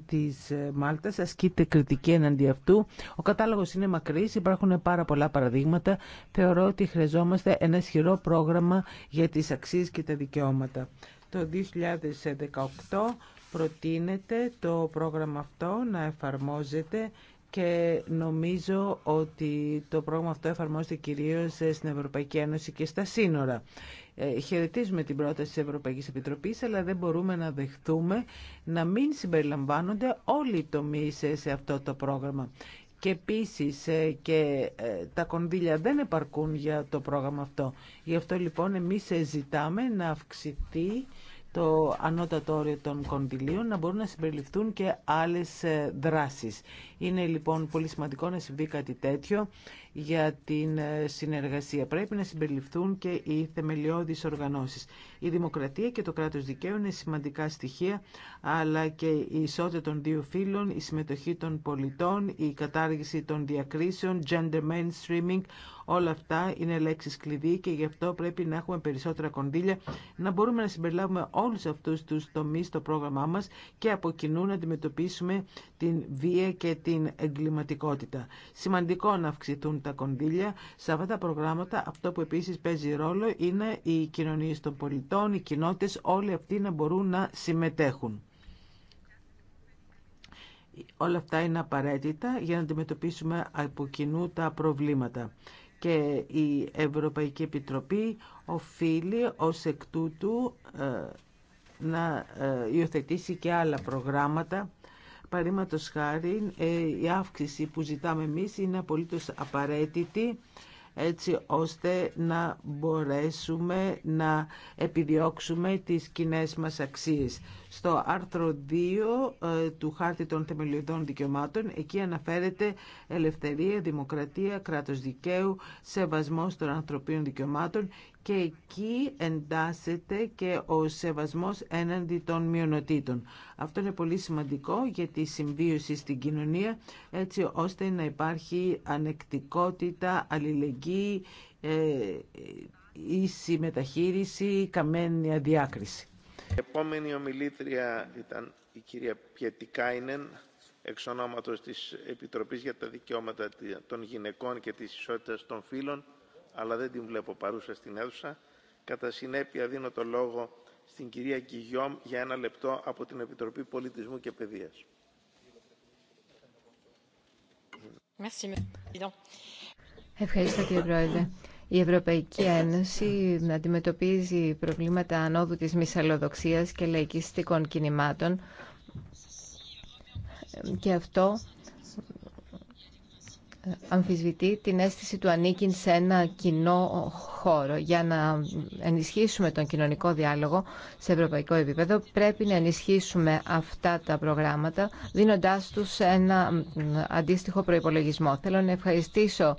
της ε, Μάλτας ασκείται κριτική εναντί αυτού. Ο κατάλογος είναι μακρύ, υπάρχουν πάρα πολλά παραδείγματα. Θεωρώ ότι χρειαζόμαστε ένα ισχυρό πρόγραμμα για τις αξίε και τα δικαιώματα. Το 2018 προτείνεται το πρόγραμμα αυτό να εφαρμόζεται και νομίζω ότι το πρόγραμμα αυτό εφαρμόζεται κυρίως ε, στην Ευρωπαϊκή Ένωση και στα σύνορα. Ε, χαιρετίζουμε την πρόταση της Ευρωπαϊκής Επιτροπής, αλλά δεν μπορούμε να δεχτούμε να μην συμπεριλαμβάνονται όλοι οι τομείς σε αυτό το πρόγραμμα. Και επίσης ε, και ε, τα κονδύλια δεν επαρκούν για το πρόγραμμα αυτό. Γι' αυτό λοιπόν εμείς ζητάμε να αυξηθεί το ανώτατο όριο των κονδυλίων να μπορούν να συμπεριληφθούν και άλλες δράσεις. Είναι λοιπόν πολύ σημαντικό να συμβεί κάτι τέτοιο για την ε, συνεργασία. Πρέπει να συμπεριληφθούν και οι θεμελιώδεις οργανώσεις. Η δημοκρατία και το κράτος δικαίου είναι σημαντικά στοιχεία, αλλά και η ισότητα των δύο φύλων, η συμμετοχή των πολιτών, η κατάργηση των διακρίσεων, gender mainstreaming, όλα αυτά είναι λέξεις κλειδί και γι' αυτό πρέπει να έχουμε περισσότερα κονδύλια, να μπορούμε να συμπεριλάβουμε όλους αυτούς τους τομείς στο πρόγραμμά μας και από κοινού να αντιμετωπίσουμε την βία και την εγκληματικότητα. Σημαντικό να αυξηθούν τα κονδύλια σε αυτά τα προγράμματα. Αυτό που επίσης παίζει ρόλο είναι οι κοινωνίες των πολιτών, οι κοινότητες, όλοι αυτοί να μπορούν να συμμετέχουν. Όλα αυτά είναι απαραίτητα για να αντιμετωπίσουμε από κοινού τα προβλήματα. Και η Ευρωπαϊκή Επιτροπή οφείλει ως εκ τούτου ε, να ε, υιοθετήσει και άλλα προγράμματα παρήματο χάρη, ε, η αύξηση που ζητάμε εμείς είναι απολύτως απαραίτητη έτσι ώστε να μπορέσουμε να επιδιώξουμε τις κοινέ μας αξίες. Στο άρθρο 2 ε, του Χάρτη των Θεμελιωδών Δικαιωμάτων, εκεί αναφέρεται ελευθερία, δημοκρατία, κράτος δικαίου, σεβασμός των ανθρωπίνων δικαιωμάτων και εκεί εντάσσεται και ο σεβασμός έναντι των μειονοτήτων. Αυτό είναι πολύ σημαντικό για τη συμβίωση στην κοινωνία έτσι ώστε να υπάρχει ανεκτικότητα, αλληλεγγύη, ε, ίση μεταχείριση, καμένη αδιάκριση.
Η επόμενη ομιλήτρια ήταν η κυρία Πιετικάινεν, εξ ονόματος της Επιτροπής για τα Δικαιώματα των Γυναικών και της Ισότητας των Φύλων αλλά δεν την βλέπω παρούσα στην αίθουσα. Κατά συνέπεια δίνω το λόγο στην κυρία Κιγιόμ για ένα λεπτό από την Επιτροπή Πολιτισμού και Παιδείας.
Ευχαριστώ κύριε Πρόεδρε. Η Ευρωπαϊκή Ένωση αντιμετωπίζει προβλήματα ανόδου της μυσαλλοδοξίας και λαϊκιστικών κινημάτων και αυτό αμφισβητεί την αίσθηση του ανήκειν σε ένα κοινό χώρο. Για να ενισχύσουμε τον κοινωνικό διάλογο σε ευρωπαϊκό επίπεδο πρέπει να ενισχύσουμε αυτά τα προγράμματα δίνοντάς τους ένα αντίστοιχο προϋπολογισμό. Θέλω να ευχαριστήσω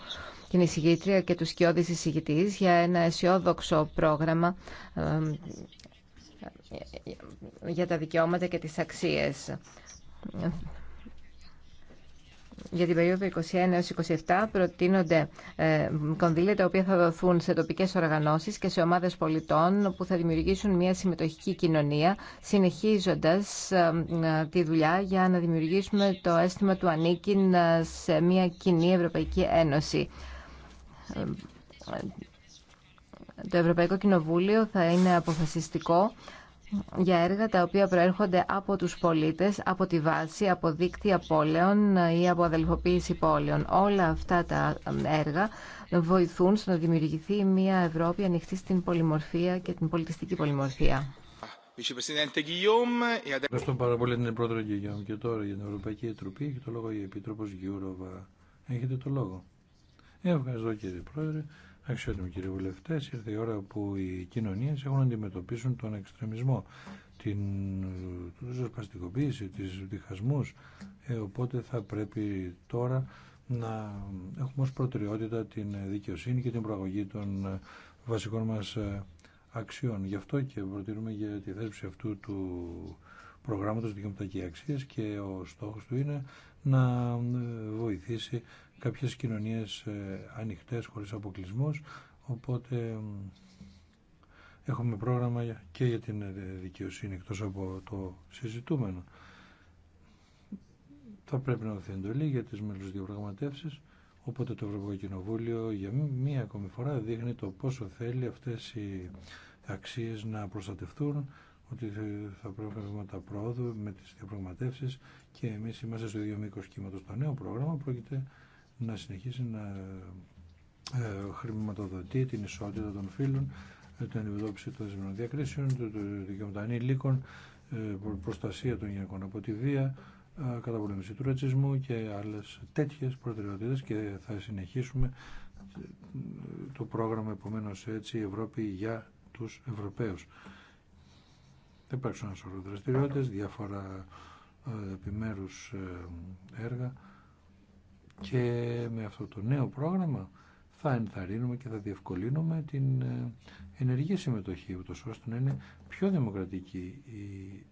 την εισηγήτρια και τους σκιώδης εισηγητής για ένα αισιόδοξο πρόγραμμα για τα δικαιώματα και τις αξίες για την περίοδο 21 έως 27 προτείνονται ε, κονδύλια τα οποία θα δοθούν σε τοπικές οργανώσεις και σε ομάδες πολιτών που θα δημιουργήσουν μια συμμετοχική κοινωνία συνεχίζοντας ε, ε, τη δουλειά για να δημιουργήσουμε το αίσθημα του ανήκειν σε μια κοινή Ευρωπαϊκή Ένωση. Το Ευρωπαϊκό Κοινοβούλιο θα είναι αποφασιστικό για έργα τα οποία προέρχονται από τους πολίτες, από τη βάση, από δίκτυα πόλεων ή από αδελφοποίηση πόλεων. Όλα αυτά τα έργα βοηθούν στο να δημιουργηθεί μια Ευρώπη ανοιχτή στην πολυμορφία και την πολιτιστική πολυμορφία.
Ευχαριστώ πάρα πολύ την πρόεδρο Γκυγιόμ και τώρα για την Ευρωπαϊκή Ετροπή και το λόγο η Επίτροπος Γιούροβα. Έχετε το λόγο. Ε, ευχαριστώ κύριε Πρόεδρε. Αξιότιμοι κύριοι βουλευτέ, ήρθε η ώρα που οι κοινωνίε έχουν να αντιμετωπίσουν τον εξτρεμισμό, την ζωσπαστικοποίηση, τις διχασμούς. Ε, οπότε θα πρέπει τώρα να έχουμε ως προτεραιότητα την δικαιοσύνη και την προαγωγή των βασικών μας αξιών. Γι' αυτό και προτείνουμε για τη θέσπιση αυτού του προγράμματος δικαιωματική αξία και ο στόχος του είναι να βοηθήσει κάποιες κοινωνίες ε, ανοιχτές χωρίς αποκλεισμούς, οπότε έχουμε πρόγραμμα και για την ε, δικαιοσύνη εκτός από το συζητούμενο. Θα πρέπει να δοθεί εντολή για τις μέλους διαπραγματεύσεις, οπότε το Ευρωπαϊκό Κοινοβούλιο για μία ακόμη φορά δείχνει το πόσο θέλει αυτές οι αξίες να προστατευτούν, ότι θα πρέπει να τα πρόοδου με τις διαπραγματεύσεις και εμείς είμαστε στο ίδιο μήκος κύματος. Το νέο πρόγραμμα πρόκειται να συνεχίσει να ε, χρηματοδοτεί την ισότητα των φύλων, ε, την αντιμετώπιση των ζημιών διακρίσεων, του δικαιωματών ανήλικων, ε, προστασία των γυναικών από τη βία, καταπολέμηση του ρατσισμού και άλλες τέτοιες προτεραιότητες και θα συνεχίσουμε το πρόγραμμα επομένω έτσι η Ευρώπη για τους Ευρωπαίους. Θα υπάρξουν ένα σωρό διάφορα επιμέρους έργα και με αυτό το νέο πρόγραμμα θα ενθαρρύνουμε και θα διευκολύνουμε την ε, ενεργή συμμετοχή, ούτως ώστε να είναι πιο δημοκρατική η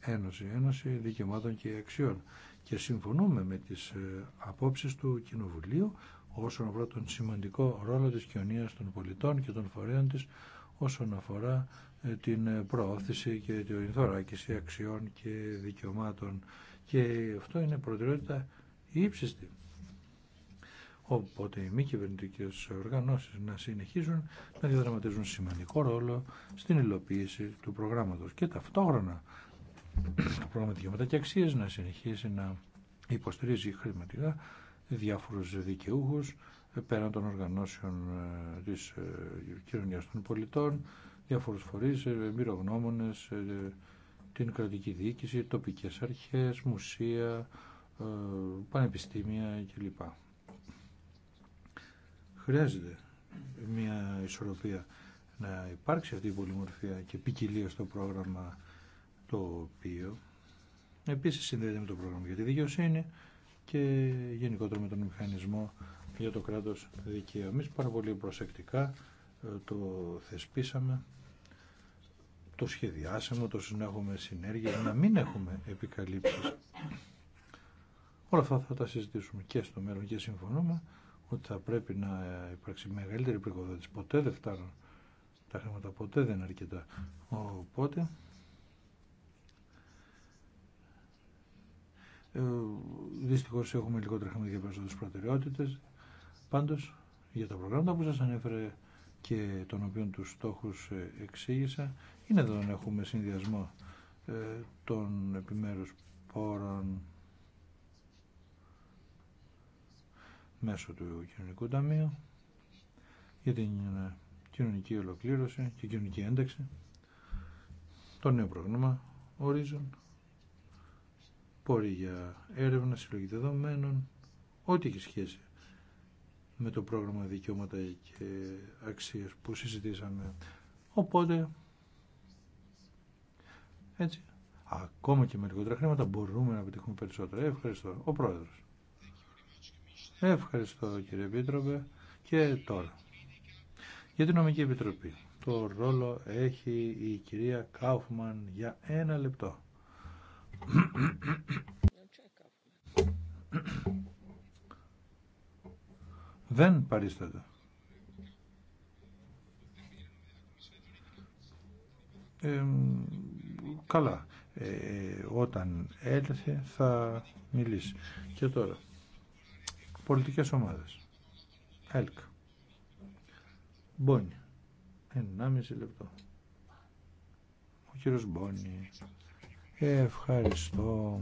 Ένωση, Ένωση Δικαιωμάτων και Αξιών. Και συμφωνούμε με τις ε, απόψεις του Κοινοβουλίου όσον αφορά τον σημαντικό ρόλο της κοινωνίας των πολιτών και των φορέων της όσον αφορά ε, την προώθηση και την θωράκιση αξιών και δικαιωμάτων. Και αυτό είναι προτεραιότητα ύψιστη. Οπότε οι μη κυβερνητικέ οργανώσει να συνεχίζουν να διαδραματίζουν σημαντικό ρόλο στην υλοποίηση του προγράμματο και ταυτόχρονα το πρόγραμμα δικαιώματα και να συνεχίσει να υποστηρίζει χρηματικά διάφορου δικαιούχου πέραν των οργανώσεων ε, τη ε, κοινωνία των πολιτών, διάφορου φορεί, ε, εμπειρογνώμονε, την κρατική διοίκηση, τοπικέ αρχές, μουσεία, πανεπιστήμια κλπ. Χρειάζεται μια ισορροπία να υπάρξει αυτή η πολυμορφία και ποικιλία στο πρόγραμμα το οποίο επίσης συνδέεται με το πρόγραμμα για τη δικαιοσύνη και γενικότερα με τον μηχανισμό για το κράτος δικαίου. Εμείς πάρα πολύ προσεκτικά ε, το θεσπίσαμε, το σχεδιάσαμε, το συνέχουμε έχουμε συνέργεια, να μην έχουμε επικαλύψεις. Όλα αυτά θα τα συζητήσουμε και στο μέλλον και συμφωνούμε ότι θα πρέπει να υπάρξει μεγαλύτερη πρικοδότηση. Ποτέ δεν φτάνουν τα χρήματα, ποτέ δεν είναι αρκετά. Οπότε ε, δυστυχώ έχουμε λιγότερα χρήματα για περισσότερε προτεραιότητες. Πάντως για τα προγράμματα που σας ανέφερε και των οποίων τους στόχους ε, εξήγησα είναι εδώ να έχουμε συνδυασμό ε, των επιμέρους πόρων μέσω του Κοινωνικού Ταμείου για την ε, κοινωνική ολοκλήρωση και κοινωνική ένταξη, το νέο πρόγραμμα Horizon, πόροι για έρευνα συλλογή δεδομένων, ό,τι έχει σχέση με το πρόγραμμα δικαιώματα και αξίες που συζητήσαμε. Οπότε, έτσι, ακόμα και με λιγότερα χρήματα μπορούμε να πετύχουμε περισσότερα. Ευχαριστώ. Ο Πρόεδρος. Ευχαριστώ κύριε Επίτροπε. Και τώρα. Για την Νομική Επιτροπή. Το ρόλο έχει η κυρία Κάουφμαν για ένα λεπτό. Δεν παρίσταται. Ε, καλά. Ε, ε, όταν έλθει θα μιλήσει. Και τώρα πολιτικές ομάδες. ΕΛΚ. Μπόνι. 1,5 λεπτό. Ο κύριος Μπόνι. Ευχαριστώ.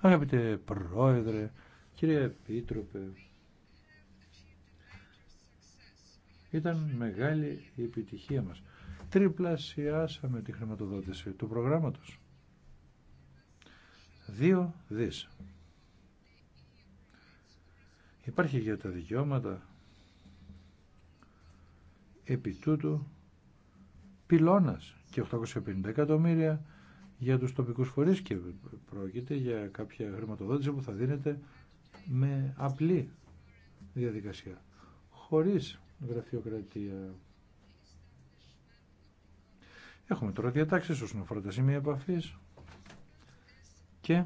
Αγαπητέ Πρόεδρε, κύριε Επίτροπε, ήταν μεγάλη η επιτυχία μας. Τριπλασιάσαμε τη χρηματοδότηση του προγράμματος. Δύο δις Υπάρχει για τα δικαιώματα επί τούτου πυλώνας και 850 εκατομμύρια για τους τοπικούς φορείς και πρόκειται για κάποια χρηματοδότηση που θα δίνεται με απλή διαδικασία, χωρίς γραφειοκρατία. Έχουμε τώρα διατάξεις όσον αφορά τα σημεία επαφής και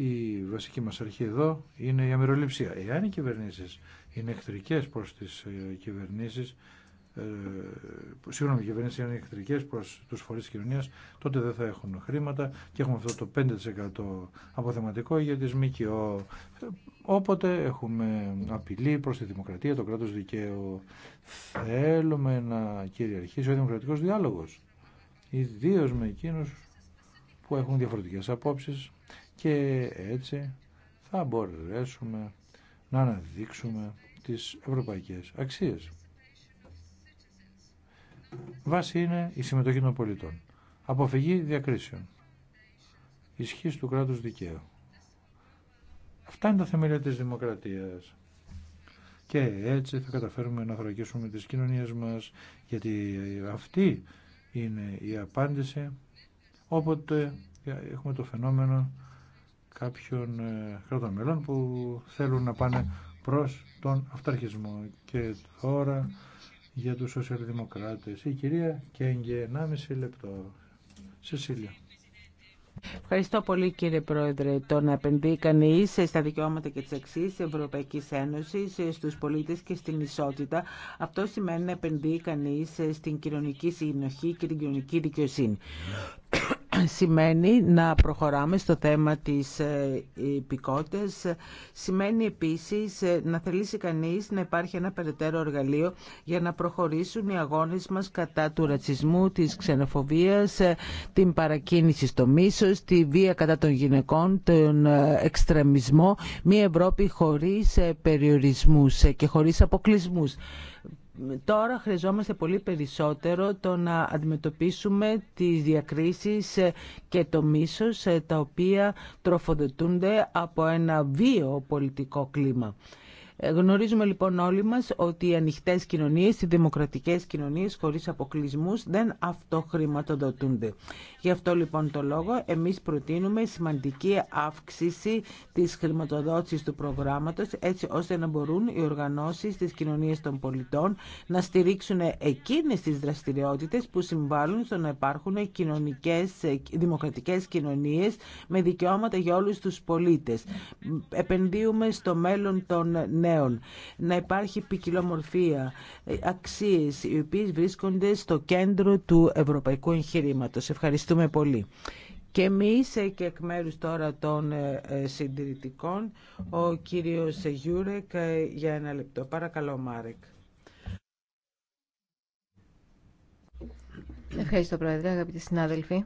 η βασική μας αρχή εδώ είναι η αμεροληψία. Εάν οι κυβερνήσεις είναι εχθρικές προς τις ε, κυβερνήσεις, ε, σύγχρονα οι κυβερνήσεις είναι εχθρικές προς τους φορείς της κοινωνίας, τότε δεν θα έχουν χρήματα και έχουμε αυτό το 5% αποθεματικό για τις ΜΚΟ. Όποτε έχουμε απειλή προς τη δημοκρατία, το κράτος δικαίου, θέλουμε να κυριαρχήσει ο δημοκρατικός διάλογος. Ιδίω με εκείνους που έχουν διαφορετικές απόψεις και έτσι θα μπορέσουμε να αναδείξουμε τις ευρωπαϊκές αξίες. Βάση είναι η συμμετοχή των πολιτών. Αποφυγή διακρίσεων. Ισχύς του κράτους δικαίου. Αυτά είναι τα θεμέλια της δημοκρατίας. Και έτσι θα καταφέρουμε να θωρακίσουμε τις κοινωνίες μας, γιατί αυτή είναι η απάντηση όποτε έχουμε το φαινόμενο κάποιων ε, κρατών μελών που θέλουν να πάνε προς τον αυταρχισμό. Και τώρα για τους σοσιαλδημοκράτες. Η κυρία Κέγγε, 1,5 λεπτό. Σεσίλια.
Ευχαριστώ πολύ κύριε Πρόεδρε. Το να επενδύει κανεί στα δικαιώματα και τις αξίες τη Ευρωπαϊκή Ένωση, στου πολίτε και στην ισότητα, αυτό σημαίνει να επενδύει κανεί στην κοινωνική συνοχή και την κοινωνική δικαιοσύνη σημαίνει να προχωράμε στο θέμα της ε, υπηκότητας. Σημαίνει επίσης ε, να θελήσει κανείς να υπάρχει ένα περαιτέρω εργαλείο για να προχωρήσουν οι αγώνες μας κατά του ρατσισμού, της ξενοφοβίας, ε, την παρακίνηση στο μίσος, τη βία κατά των γυναικών, τον εξτρεμισμό. Μια Ευρώπη χωρίς περιορισμούς και χωρίς αποκλεισμούς τώρα χρειαζόμαστε πολύ περισσότερο το να αντιμετωπίσουμε τις διακρίσεις και το μίσος ε, τα οποία τροφοδοτούνται από ένα βίο πολιτικό κλίμα. Γνωρίζουμε λοιπόν όλοι μας ότι οι ανοιχτές κοινωνίες, οι δημοκρατικές κοινωνίες χωρίς αποκλεισμούς δεν αυτοχρηματοδοτούνται. Γι' αυτό λοιπόν το λόγο εμείς προτείνουμε σημαντική αύξηση της χρηματοδότησης του προγράμματος έτσι ώστε να μπορούν οι οργανώσεις της κοινωνίας των πολιτών να στηρίξουν εκείνες τις δραστηριότητες που συμβάλλουν στο να υπάρχουν κοινωνικές, δημοκρατικές κοινωνίες με δικαιώματα για όλους τους πολίτες. Επενδύουμε στο μέλλον των να υπάρχει ποικιλομορφία, ε, αξίες οι οποίες βρίσκονται στο κέντρο του ευρωπαϊκού εγχειρήματος. Ευχαριστούμε πολύ. Και εμείς ε, και εκ μέρους τώρα των ε, συντηρητικών, ο κύριος Γιούρεκ για ένα λεπτό. Παρακαλώ Μάρεκ.
Ευχαριστώ Πρόεδρε, αγαπητοί συνάδελφοι.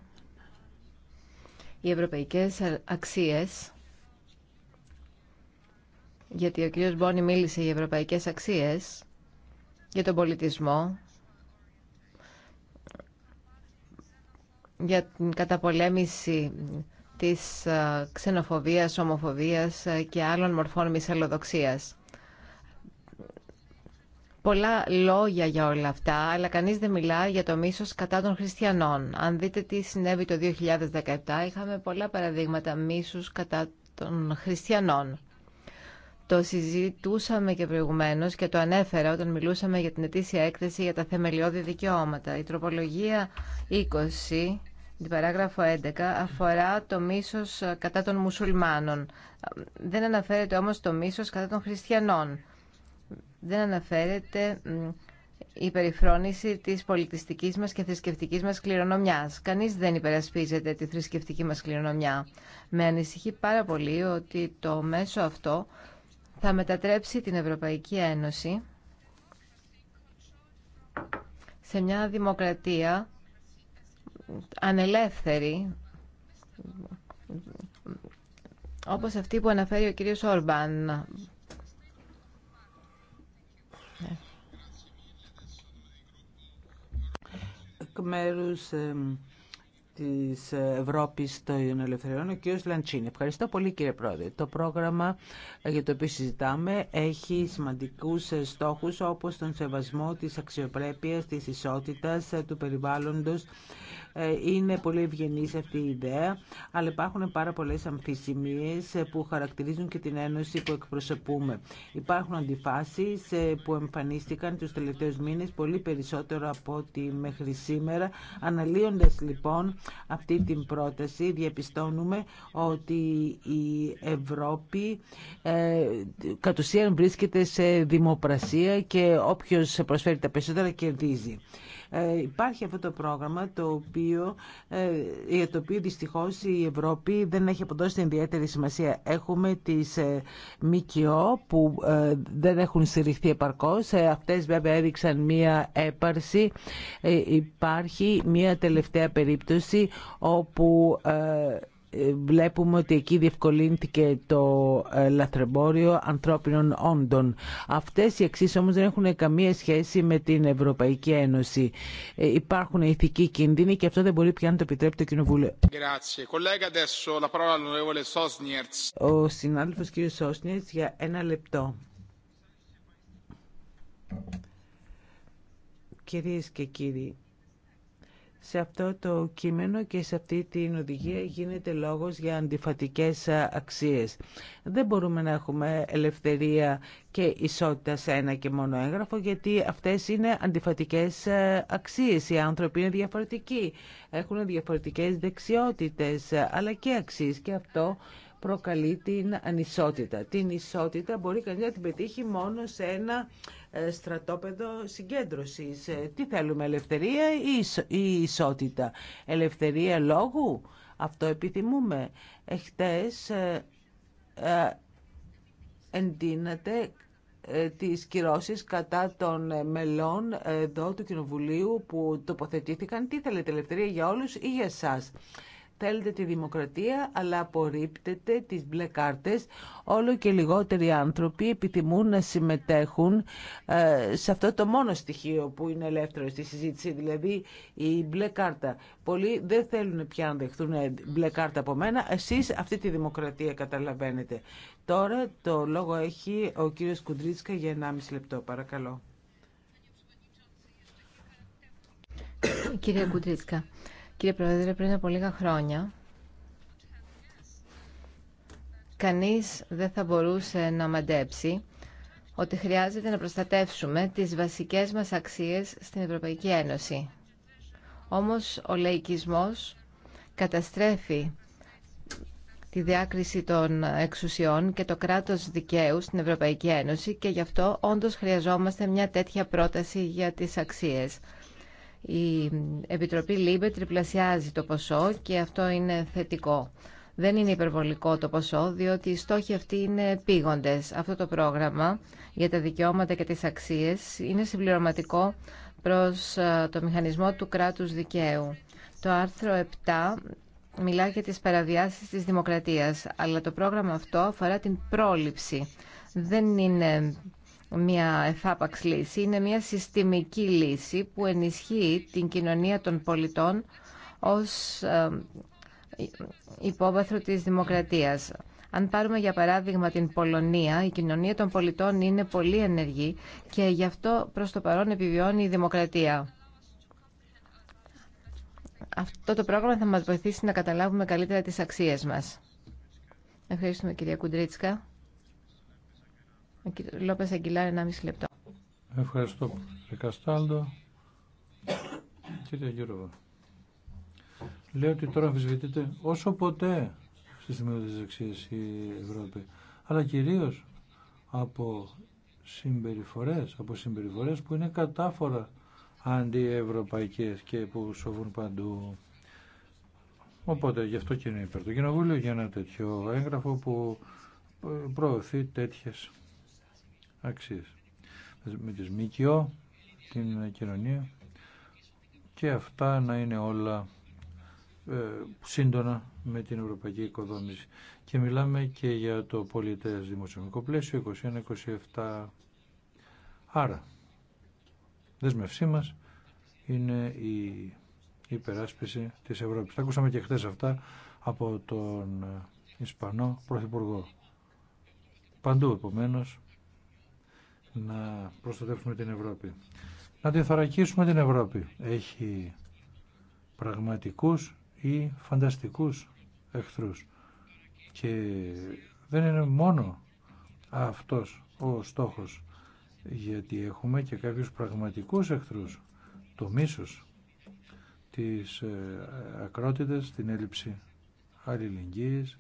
Οι ευρωπαϊκές αξίες γιατί ο κύριος Μπόνι μίλησε για ευρωπαϊκές αξίες, για τον πολιτισμό, για την καταπολέμηση της ε, ξενοφοβίας, ομοφοβίας ε, και άλλων μορφών μυσαλλοδοξίας. Πολλά λόγια για όλα αυτά, αλλά κανείς δεν μιλά για το μίσος κατά των χριστιανών. Αν δείτε τι συνέβη το 2017, είχαμε πολλά παραδείγματα μίσους κατά των χριστιανών. Το συζητούσαμε και προηγουμένω και το ανέφερα όταν μιλούσαμε για την ετήσια έκθεση για τα θεμελιώδη δικαιώματα. Η τροπολογία 20, την παράγραφο 11, αφορά το μίσος κατά των μουσουλμάνων. Δεν αναφέρεται όμως το μίσος κατά των χριστιανών. Δεν αναφέρεται η περιφρόνηση της πολιτιστικής μας και θρησκευτικής μας κληρονομιάς. Κανείς δεν υπερασπίζεται τη θρησκευτική μας κληρονομιά. Με ανησυχεί πάρα πολύ ότι το μέσο αυτό θα μετατρέψει την Ευρωπαϊκή Ένωση σε μια δημοκρατία ανελεύθερη όπως αυτή που αναφέρει ο κύριος Ορμπάν
της Ευρώπης των Ελευθεριών, ο κ. Λαντσίνη. Ευχαριστώ πολύ κύριε Πρόεδρε. Το πρόγραμμα για το οποίο συζητάμε έχει σημαντικούς στόχους όπως τον σεβασμό της αξιοπρέπειας, της ισότητας, ε, του περιβάλλοντος ε, είναι πολύ ευγενή αυτή η ιδέα, αλλά υπάρχουν πάρα πολλέ αμφισημίε ε, που χαρακτηρίζουν και την Ένωση που εκπροσωπούμε. Υπάρχουν αντιφάσεις ε, που εμφανίστηκαν τους τελευταίου μήνε πολύ περισσότερο από ό,τι μέχρι σήμερα. Αναλύοντα λοιπόν αυτή την πρόταση, διαπιστώνουμε ότι η Ευρώπη ε, κατ' ουσίαν βρίσκεται σε δημοπρασία και όποιος προσφέρει τα περισσότερα κερδίζει. Ε, υπάρχει αυτό το πρόγραμμα το οποίο, ε, για το οποίο δυστυχώς η Ευρώπη δεν έχει αποδώσει την ιδιαίτερη σημασία. Έχουμε τις ε, ΜΚΟ που δεν έχουν στηριχθεί επαρκώς. Αυτές βέβαια έδειξαν μία έπαρση. Υπάρχει μία τελευταία περίπτωση όπου βλέπουμε ότι εκεί διευκολύνθηκε το ε, λαθρεμπόριο ανθρώπινων όντων. Αυτές οι εξής όμως δεν έχουν καμία σχέση με την Ευρωπαϊκή Ένωση. Ε, υπάρχουν ηθικοί κίνδυνοι και αυτό δεν μπορεί πια να το επιτρέπει το Κοινοβούλιο. Ο συνάδελφος κ. Σόσνιερτς για ένα λεπτό. Κυρίες και κύριοι, σε αυτό το κείμενο και σε αυτή την οδηγία γίνεται λόγος για αντιφατικές αξίες. Δεν μπορούμε να έχουμε ελευθερία και ισότητα σε ένα και μόνο έγγραφο, γιατί αυτές είναι αντιφατικές αξίες. Οι άνθρωποι είναι διαφορετικοί, έχουν διαφορετικές δεξιότητες, αλλά και αξίες. Και αυτό προκαλεί την ανισότητα. Την ισότητα μπορεί κανείς να την πετύχει μόνο σε ένα ε, στρατόπεδο συγκέντρωσης. Ε, τι θέλουμε, ελευθερία ή ισότητα. Ελευθερία λόγου, αυτό επιθυμούμε. Εχθές ε, εντείνατε τις κυρώσεις κατά των μελών εδώ του Κοινοβουλίου που τοποθετήθηκαν. Τι θέλετε, ελευθερία για όλους ή για εσάς. Θέλετε τη δημοκρατία, αλλά απορρίπτετε τις μπλε κάρτες. Όλο και λιγότεροι άνθρωποι επιθυμούν να συμμετέχουν ε, σε αυτό το μόνο στοιχείο που είναι ελεύθερο στη συζήτηση, δηλαδή η μπλε κάρτα. Πολλοί δεν θέλουν πια να δεχτούν ε, μπλε κάρτα από μένα. Εσείς αυτή τη δημοκρατία καταλαβαίνετε. Τώρα το λόγο έχει ο κύριος Κουντρίτσκα για 1,5 λεπτό. Παρακαλώ.
Κύριε Κουντρίτσκα, Κύριε Πρόεδρε, πριν από λίγα χρόνια κανείς δεν θα μπορούσε να μαντέψει ότι χρειάζεται να προστατεύσουμε τις βασικές μας αξίες στην Ευρωπαϊκή Ένωση. Όμως ο λαϊκισμός καταστρέφει τη διάκριση των εξουσιών και το κράτος δικαίου στην Ευρωπαϊκή Ένωση και γι' αυτό όντως χρειαζόμαστε μια τέτοια πρόταση για τις αξίες. Η Επιτροπή ΛΥΜΠΕ τριπλασιάζει το ποσό και αυτό είναι θετικό. Δεν είναι υπερβολικό το ποσό, διότι οι στόχοι αυτοί είναι πήγοντες. Αυτό το πρόγραμμα για τα δικαιώματα και τις αξίες είναι συμπληρωματικό προς ε, το μηχανισμό του κράτους δικαίου. Το άρθρο 7 μιλά για τις παραβιάσεις της δημοκρατίας, αλλά το πρόγραμμα αυτό αφορά την πρόληψη. Δεν είναι μια εφάπαξ λύση, είναι μια συστημική λύση που ενισχύει την κοινωνία των πολιτών ως ε, υπόβαθρο της δημοκρατίας. Αν πάρουμε για παράδειγμα την Πολωνία, η κοινωνία των πολιτών είναι πολύ ενεργή και γι' αυτό προς το παρόν επιβιώνει η δημοκρατία. Αυτό το πρόγραμμα θα μας βοηθήσει να καταλάβουμε καλύτερα τις αξίες μας. Ευχαριστούμε κυρία Κουντρίτσκα. Λόπες Αγγιλάρ, 1,5 λεπτό.
Ευχαριστώ κύριε Καστάλτο. Κύριε Γιώργο. Λέω ότι τώρα αμφισβητείται όσο ποτέ στι θεμελιώδεις της δεξίας η Ευρώπη. Αλλά κυρίως από συμπεριφορές, από συμπεριφορές που είναι κατάφορα αντιευρωπαϊκές και που σοβούν παντού. Οπότε γι' αυτό και είναι υπέρ το Κοινοβούλιο για ένα τέτοιο έγγραφο που προωθεί τέτοιες αξίες. Με τις ΜΚΟ, την κοινωνία και αυτά να είναι όλα ε, σύντονα με την Ευρωπαϊκή Οικοδόμηση. Και μιλάμε και για το πολιτές δημοσιονομικό πλαίσιο 21-27. Άρα, δεσμευσή μας είναι η υπεράσπιση της Ευρώπης. Τα ακούσαμε και χθε αυτά από τον Ισπανό Πρωθυπουργό. Παντού επομένως να προστατεύσουμε την Ευρώπη. Να την θωρακίσουμε την Ευρώπη. Έχει πραγματικούς ή φανταστικούς εχθρούς. Και δεν είναι μόνο αυτός ο στόχος, γιατί έχουμε και κάποιους πραγματικούς εχθρούς. Το μίσος, τις ε, ακρότητας, την έλλειψη αλληλεγγύης.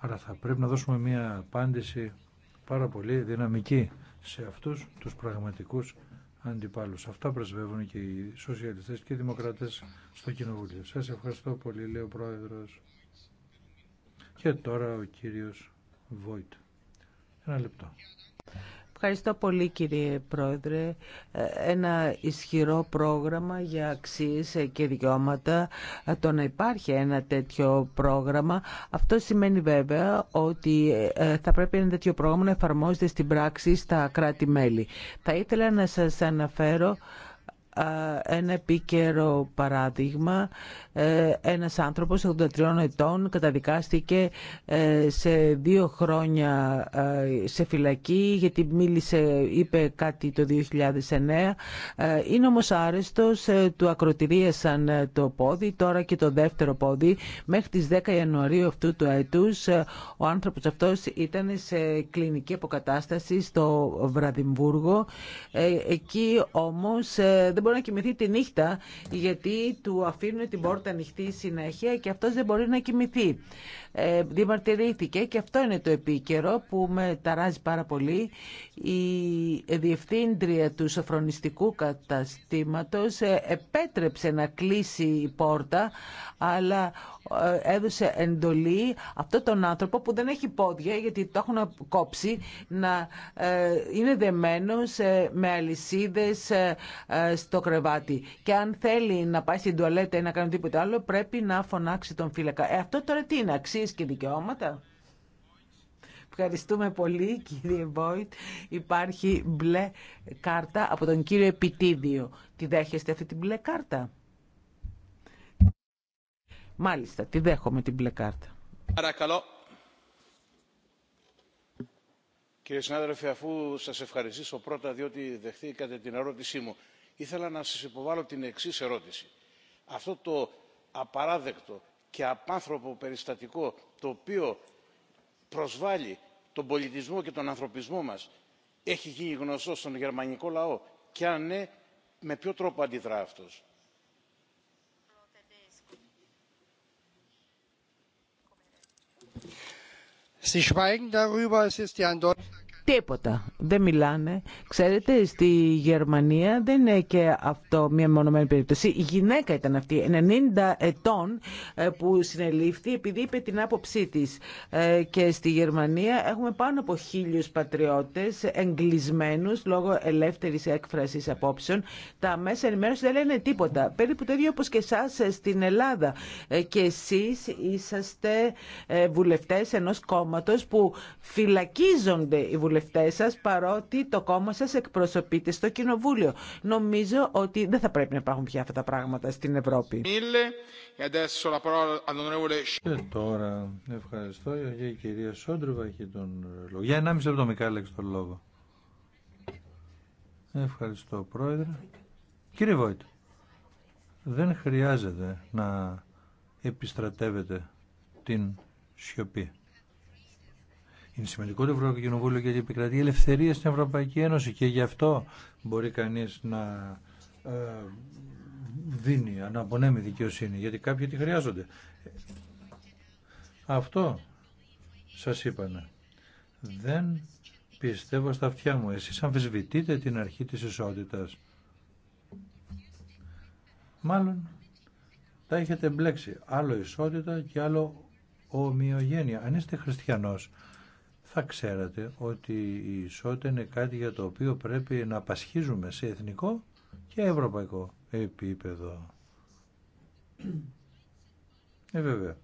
Άρα θα πρέπει να δώσουμε μια απάντηση πάρα πολύ δυναμική σε αυτούς τους πραγματικούς αντιπάλους. Αυτά πρεσβεύουν και οι σοσιαλιστές και οι δημοκράτες στο Κοινοβούλιο. Σας ευχαριστώ πολύ, λέει ο Πρόεδρος. Και τώρα ο κύριος Βόιτ.
Ένα λεπτό. Ευχαριστώ πολύ κύριε Πρόεδρε. Ε, ένα ισχυρό πρόγραμμα για αξίες και δικαιώματα. Ε, το να υπάρχει ένα τέτοιο πρόγραμμα, αυτό σημαίνει βέβαια ότι ε, θα πρέπει ένα τέτοιο πρόγραμμα να εφαρμόζεται στην πράξη στα κράτη-μέλη. Θα ήθελα να σας αναφέρω ένα επίκαιρο παράδειγμα. Ε, ένας άνθρωπος 83 ετών καταδικάστηκε ε, σε δύο χρόνια ε, σε φυλακή γιατί μίλησε, είπε κάτι το 2009. Είναι όμως άρεστος, του ακροτηρίασαν το πόδι, τώρα και το δεύτερο πόδι. Μέχρι τις 10 Ιανουαρίου αυτού του έτους ο άνθρωπος αυτός ήταν σε κλινική αποκατάσταση στο Βραδιμβούργο. Εκεί όμως δεν μπορεί να κοιμηθεί τη νύχτα γιατί του αφήνουν την πόρτα ανοιχτή συνέχεια και αυτός δεν μπορεί να κοιμηθεί. Ε, διαμαρτυρήθηκε και αυτό είναι το επίκαιρο που με ταράζει πάρα πολύ. Η διευθύντρια του σοφρονιστικού καταστήματος ε, επέτρεψε να κλείσει η πόρτα αλλά ε, έδωσε εντολή αυτό τον άνθρωπο που δεν έχει πόδια γιατί το έχουν κόψει να είναι δεμένος με αλυσίδες στο κρεβάτι και αν θέλει να πάει στην τουαλέτα ή να κάνει τίποτα άλλο πρέπει να φωνάξει τον φύλακα. αυτό τώρα τι είναι, και δικαιώματα. Ευχαριστούμε πολύ κύριε Βόιτ. Υπάρχει μπλε κάρτα από τον κύριο Επιτίδιο. Τη δέχεστε αυτή την μπλε κάρτα. Μάλιστα, τη δέχομαι την μπλε κάρτα.
Παρακαλώ. Κύριε συνάδελφε, αφού σας ευχαριστήσω πρώτα διότι δεχτήκατε την ερώτησή μου, ήθελα να σας υποβάλω την εξής ερώτηση. Αυτό το απαράδεκτο και απάνθρωπο περιστατικό το οποίο προσβάλλει τον πολιτισμό και τον ανθρωπισμό μας έχει γίνει γνωστό στον γερμανικό λαό και αν ναι με ποιο τρόπο αντιδρά αυτός.
Τίποτα. Δεν μιλάνε. Ξέρετε, στη Γερμανία δεν είναι και αυτό μια μονομένη περίπτωση. Η γυναίκα ήταν αυτή, 90 ετών, ε, που συνελήφθη επειδή είπε την άποψή τη. Ε, και στη Γερμανία έχουμε πάνω από χίλιου πατριώτε εγκλισμένου λόγω ελεύθερη έκφραση απόψεων. Τα μέσα ενημέρωση δεν λένε τίποτα. Περίπου το ίδιο όπω και εσά ε, στην Ελλάδα. Και εσεί είσαστε βουλευτέ ενό κόμματο που φυλακίζονται οι βουλευτέ βουλευτέ σας παρότι το κόμμα σας εκπροσωπείται στο Κοινοβούλιο. Νομίζω ότι δεν θα πρέπει να υπάρχουν πια αυτά τα πράγματα στην Ευρώπη.
Και τώρα ευχαριστώ για η κυρία Σόντρουβα και τον λόγο. Για 1,5 λεπτό Μικάλεξ τον λόγο. Ευχαριστώ πρόεδρε. Κύριε Βόιτ, δεν χρειάζεται να επιστρατεύετε την σιωπή. Είναι σημαντικό το Κοινοβούλιο γιατί επικρατεί η ελευθερία στην Ευρωπαϊκή Ένωση και γι' αυτό μπορεί κανείς να ε, δίνει, να απονέμει δικαιοσύνη, γιατί κάποιοι τη χρειάζονται. Αυτό σας είπαμε. Δεν πιστεύω στα αυτιά μου. Εσείς αμφισβητείτε την αρχή της ισότητας. Μάλλον τα έχετε μπλέξει. Άλλο ισότητα και άλλο ομοιογένεια. Αν είστε χριστιανός, θα ξέρατε ότι η ισότητα είναι κάτι για το οποίο πρέπει να πασχίζουμε σε εθνικό και ευρωπαϊκό επίπεδο. Ε, βέβαια.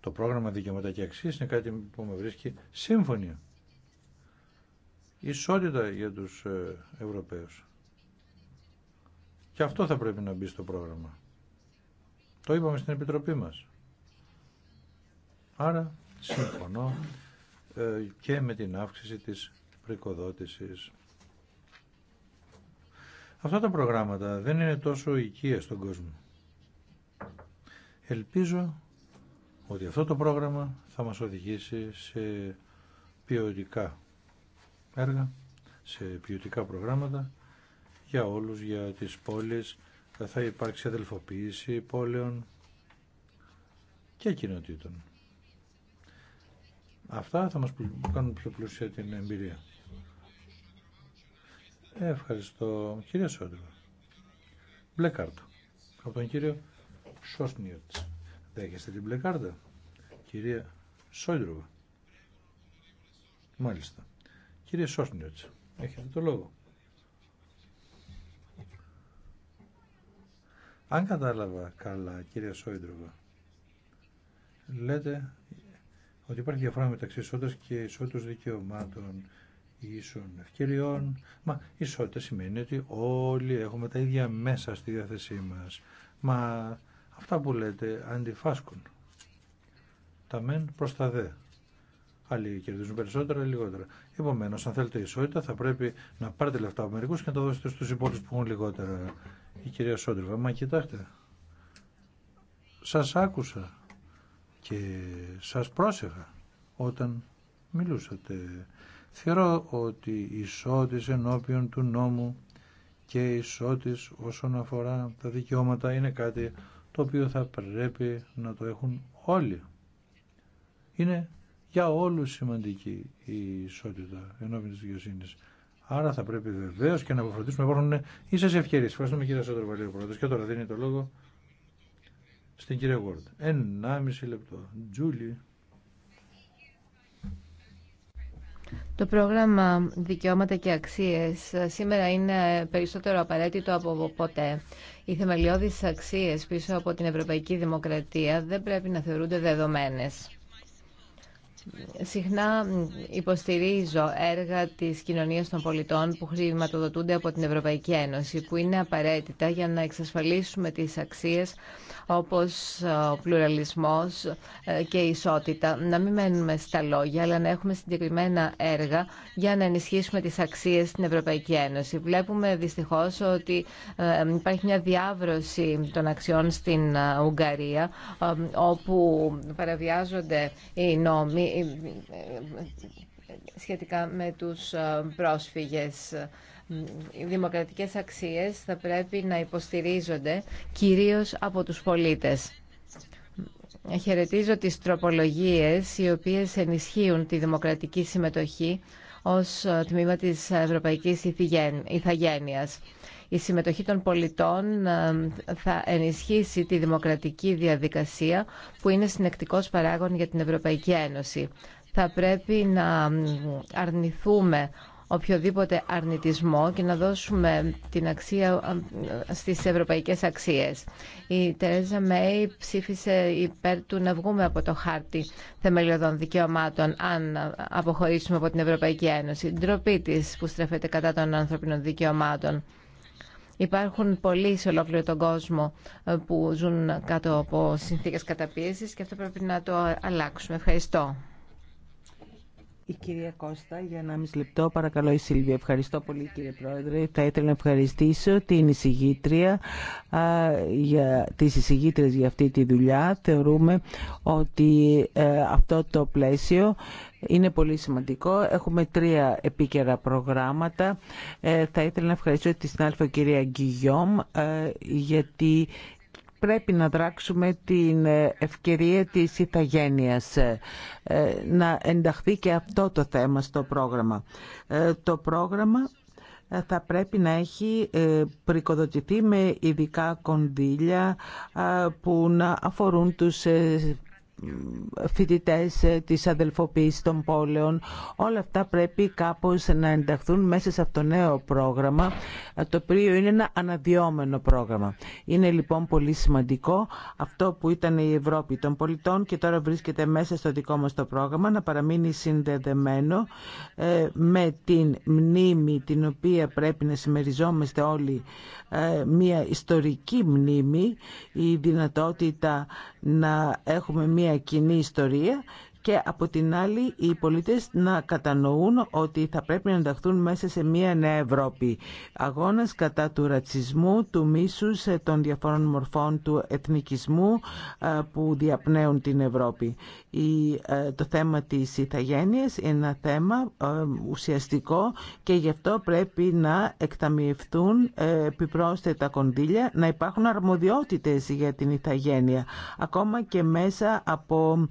Το πρόγραμμα δικαιώματα και αξίες είναι κάτι που με βρίσκει σύμφωνη. Ισότητα για τους ε, Ευρωπαίους. Και αυτό θα πρέπει να μπει στο πρόγραμμα. Το είπαμε στην Επιτροπή μας. Άρα, συμφωνώ ε, και με την αύξηση της πρικοδότησης. Αυτά τα προγράμματα δεν είναι τόσο οικεία στον κόσμο. Ελπίζω ότι αυτό το πρόγραμμα θα μας οδηγήσει σε ποιοτικά έργα, σε ποιοτικά προγράμματα για όλους, για τις πόλεις, θα υπάρξει αδελφοποίηση πόλεων και κοινοτήτων. Αυτά θα μας κάνουν πιο πλούσια την εμπειρία. Ευχαριστώ. Κύριε Σόντρο. Μπλε κάρτα. Από τον κύριο Σόσνιωτς. Δέχεστε την μπλε κάρτα. Κυρία Σόντροβα. Μάλιστα. Κύριε Σόσνιωτς, έχετε το λόγο. Αν κατάλαβα καλά, κύριε Σόιντροβα, λέτε ότι υπάρχει διαφορά μεταξύ ισότητα και ισότητα δικαιωμάτων ίσων ευκαιριών. Μα ισότητα σημαίνει ότι όλοι έχουμε τα ίδια μέσα στη διάθεσή μα. Μα αυτά που λέτε αντιφάσκουν. Τα μεν προ τα δε. Άλλοι κερδίζουν περισσότερα, ή λιγότερα. Επομένω, αν θέλετε ισότητα, θα πρέπει να πάρετε λεφτά από μερικού και να τα δώσετε στου υπόλοιπου που έχουν λιγότερα. Η κυρία Σόντριβα, μα κοιτάξτε. Σα άκουσα και σας πρόσεχα όταν μιλούσατε. Θεωρώ ότι ισότης ενώπιον του νόμου και ισότης όσον αφορά τα δικαιώματα είναι κάτι το οποίο θα πρέπει να το έχουν όλοι. Είναι για όλους σημαντική η ισότητα ενώπιον της δικαιοσύνης. Άρα θα πρέπει βεβαίω και να αποφροντίσουμε να υπάρχουν ίσε ευκαιρίε. Ευχαριστούμε κύριε Σότερβαλίου Πρόεδρο. Και τώρα δίνει το λόγο στην κυρία Γουόρντ. Ένα λεπτό. Τζούλι.
Το πρόγραμμα Δικαιώματα και Αξίες ε, σήμερα είναι περισσότερο απαραίτητο από ποτέ. Οι θεμελιώδεις αξίες πίσω από την ευρωπαϊκή δημοκρατία δεν πρέπει να θεωρούνται δεδομένες. Συχνά υποστηρίζω έργα της κοινωνίας των πολιτών που χρηματοδοτούνται από την Ευρωπαϊκή Ένωση, που είναι απαραίτητα για να εξασφαλίσουμε τις αξίες όπως ε, ο πλουραλισμός ε, και η ισότητα. Να μην μένουμε στα λόγια, αλλά να έχουμε συγκεκριμένα έργα για να ενισχύσουμε τις αξίες στην Ευρωπαϊκή Ένωση. Βλέπουμε δυστυχώς ότι ε, υπάρχει μια διάβρωση των αξιών στην Ουγγαρία, όπου παραβιάζονται οι νόμοι σχετικά με τους ε, πρόσφυγες. Οι δημοκρατικές αξίες θα πρέπει να υποστηρίζονται κυρίως από τους πολίτες. Χαιρετίζω τις τροπολογίες οι οποίες ενισχύουν τη δημοκρατική συμμετοχή ως ε, τμήμα της Ευρωπαϊκής Ιθαγένειας. Η συμμετοχή των πολιτών ε, θα ενισχύσει τη δημοκρατική διαδικασία που είναι συνεκτικός παράγον για την Ευρωπαϊκή Ένωση. Θα πρέπει να αρνηθούμε οποιοδήποτε αρνητισμό και να δώσουμε την αξία ε, στις ευρωπαϊκές αξίες. Η Τερέζα Μέη ψήφισε υπέρ του να βγούμε από το χάρτη θεμελιωδών δικαιωμάτων αν αποχωρήσουμε από την Ευρωπαϊκή Ένωση. Ντροπή τη που στρέφεται κατά των ανθρωπινών δικαιωμάτων. Υπάρχουν πολλοί σε ολόκληρο τον κόσμο ε, που ζουν κάτω από συνθήκες καταπίεσης και αυτό πρέπει να το αλλάξουμε. Ευχαριστώ.
Η κυρία Κώστα, για μισό λεπτό, παρακαλώ η Σίλβια. Ευχαριστώ πολύ κύριε Πρόεδρε. Θα ήθελα να ευχαριστήσω την εισηγήτρια, α, για, τις εισηγήτρες για αυτή τη δουλειά. Θεωρούμε ότι ε, αυτό το πλαίσιο είναι πολύ σημαντικό. Έχουμε τρία επίκαιρα προγράμματα. Ε, θα ήθελα να ευχαριστήσω τη συνάδελφο κυρία Γκυγιόμ ε, γιατί πρέπει να δράξουμε την ε, ευκαιρία της ηθαγένειας να ενταχθεί και αυτό το θέμα στο πρόγραμμα. Το πρόγραμμα θα πρέπει να έχει πρικοδοτηθεί με ειδικά κονδύλια που να αφορούν τους Φοιτητέ, ε, της αδελφοποίησης των πόλεων. Όλα αυτά πρέπει κάπως να ενταχθούν μέσα σε αυτό το νέο πρόγραμμα, ε, το οποίο είναι ένα αναδυόμενο πρόγραμμα. Είναι λοιπόν πολύ σημαντικό αυτό που ήταν η Ευρώπη των πολιτών και τώρα βρίσκεται μέσα στο δικό μας το πρόγραμμα να παραμείνει συνδεδεμένο ε, με την μνήμη την οποία πρέπει να συμμεριζόμαστε όλοι μια ιστορική μνήμη η δυνατότητα να έχουμε μια μια κοινή ιστορία και από την άλλη οι πολίτες να κατανοούν ότι θα πρέπει να ενταχθούν μέσα σε μια νέα Ευρώπη. Αγώνας κατά του ρατσισμού, του μίσους, ε, των διαφόρων μορφών του εθνικισμού ε, που διαπνέουν την Ευρώπη. Ε, το θέμα της ηθαγένειας είναι ένα θέμα ουσιαστικό και γι' αυτό πρέπει να εκταμιευτούν επιπρόσθετα κονδύλια, να υπάρχουν αρμοδιότητες για την ηθαγένεια, ακόμα και μέσα από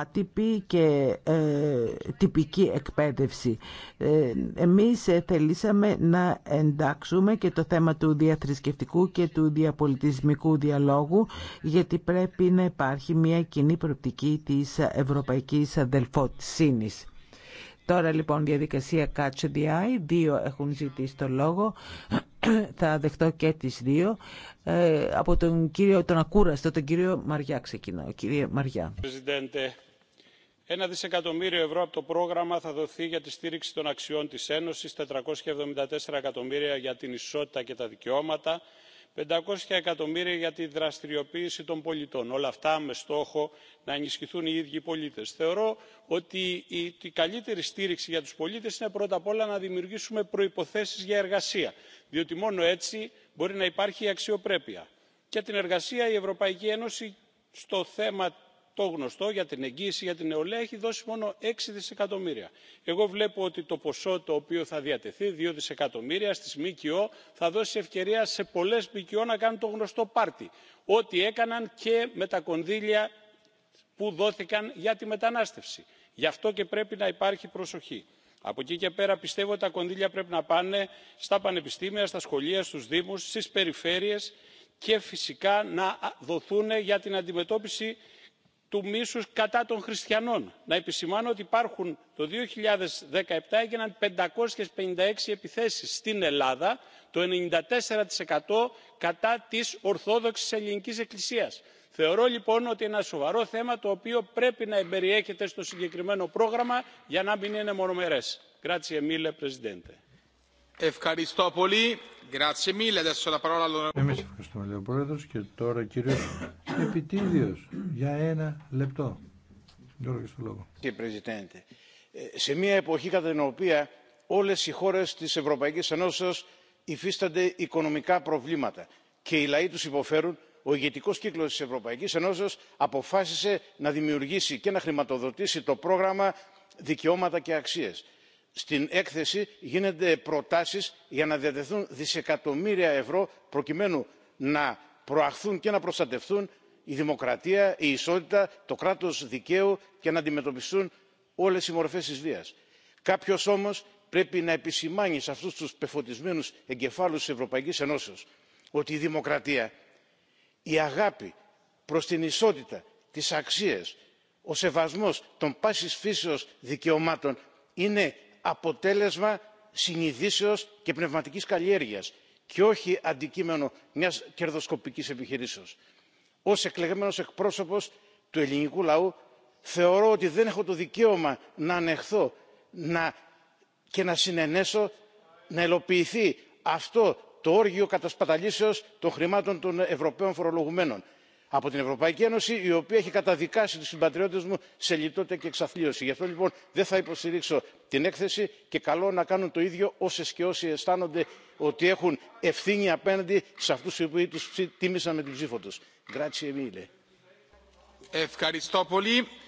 άτυπη και ε, τυπική εκπαίδευση. Ε, εμείς ε, θελήσαμε να εντάξουμε και το θέμα του διαθρησκευτικού και του διαπολιτισμικού διαλόγου γιατί πρέπει να υπάρχει μια κοινή προοπτική της ευρωπαϊκής σίνης. Τώρα λοιπόν διαδικασία Catch the Eye. Δύο έχουν ζητήσει το λόγο. [CLEARS THROAT] Θα δεχτώ και τις δύο. από τον κύριο τον Ακούραστο, τον κύριο Μαριά ξεκινάω. Κύριε Μαριά
ένα δισεκατομμύριο ευρώ από το πρόγραμμα θα δοθεί για τη στήριξη των αξιών της ένωσης 474 εκατομμύρια για την ισότητα και τα δικαιώματα 500 εκατομμύρια για τη δραστηριοποίηση των πολιτών όλα αυτά με στόχο να ενισχυθούν οι ίδιοι οι πολίτες. θεωρώ ότι η καλύτερη στήριξη για τους πολίτες είναι πρώτα απ' όλα να δημιουργήσουμε προϋποθέσεις για εργασία διότι μόνο έτσι μπορεί να υπάρχει αξιοπρέπεια. Και την εργασία η ευρωπαϊκή ένωση στο θέμα το γνωστό για την εγγύηση για την νεολαία έχει δώσει μόνο έξι δισεκατομμύρια. εγώ βλέπω ότι το ποσό το οποίο θα διατεθεί δύο δισεκατομμύρια στις ΜΚΟ θα δώσει ευκαιρία σε πολλές ΜΚΟ να κάνουν το γνωστό πάρτι ό,τι έκαναν και με τα κονδύλια που δόθηκαν για τη μετανάστευση. γι' αυτό και πρέπει να υπάρχει προσοχή. από εκεί και πέρα πιστεύω ότι τα κονδύλια πρέπει να πάνε στα πανεπιστήμια στα σχολεία στους δήμους στις περιφέρειες και φυσικά να δοθούν για την αντιμετώπιση του μίσους κατά των χριστιανών. να επισημάνω ότι υπάρχουν το 2017 έγιναν 556 επιθέσεις στην ελλάδα το 94% κατά της ορθόδοξης ελληνικής εκκλησίας. θεωρώ λοιπόν ότι είναι ένα σοβαρό θέμα το οποίο πρέπει να εμπεριέχεται στο συγκεκριμένο πρόγραμμα για να μην είναι μονομερές. Εμείς
ευχαριστούμε, λέει Κύριε για ένα λεπτό.
Ε, σε μια εποχή κατά την οποία όλες οι χώρες της Ευρωπαϊκής Ενώσεως υφίστανται οικονομικά προβλήματα και οι λαοί τους υποφέρουν, ο ηγετικός κύκλος της Ευρωπαϊκής Ενώσεως αποφάσισε να δημιουργήσει και να χρηματοδοτήσει το πρόγραμμα Δικαιώματα και Αξίες. Στην έκθεση γίνονται προτάσεις για να διατεθούν δισεκατομμύρια ευρώ προκειμένου να προαχθούν και να προστατευτούν η δημοκρατία η ισότητα το κράτος δικαίου και να αντιμετωπιστούν όλες οι μορφές της βίας. κάποιος όμως πρέπει να επισημάνει σε αυτούς τους πεφωτισμένους εγκεφάλους της ευρωπαϊκής ενώσεως ότι η δημοκρατία η αγάπη προς την ισότητα τις αξίες ο σεβασμός των πάσης φύσεως δικαιωμάτων είναι αποτέλεσμα συνειδήσεως και πνευματικής καλλιέργειας και όχι αντικείμενο μιας κερδοσκοπικής επιχειρήσεως. ως εκλεγμένος εκπρόσωπος του ελληνικού λαού θεωρώ ότι δεν έχω το δικαίωμα να ανεχθώ να... και να συνενέσω να ελοποιηθεί αυτό το όργιο κατασπαταλήσεως των χρημάτων των ευρωπαίων φορολογουμένων από την ευρωπαϊκή ένωση η οποία έχει καταδικάσει του συμπατριώτες μου σε λιτότητα και εξαθλίωση. γι' αυτό λοιπόν δεν θα υποστηρίξω την έκθεση και καλό να κάνουν το ίδιο όσες και όσοι αισθάνονται ότι έχουν ευθύνη απέναντι σε αυτούς οι οποίοι τους τίμησαν με την ψήφο τους.
Ευχαριστώ πολύ.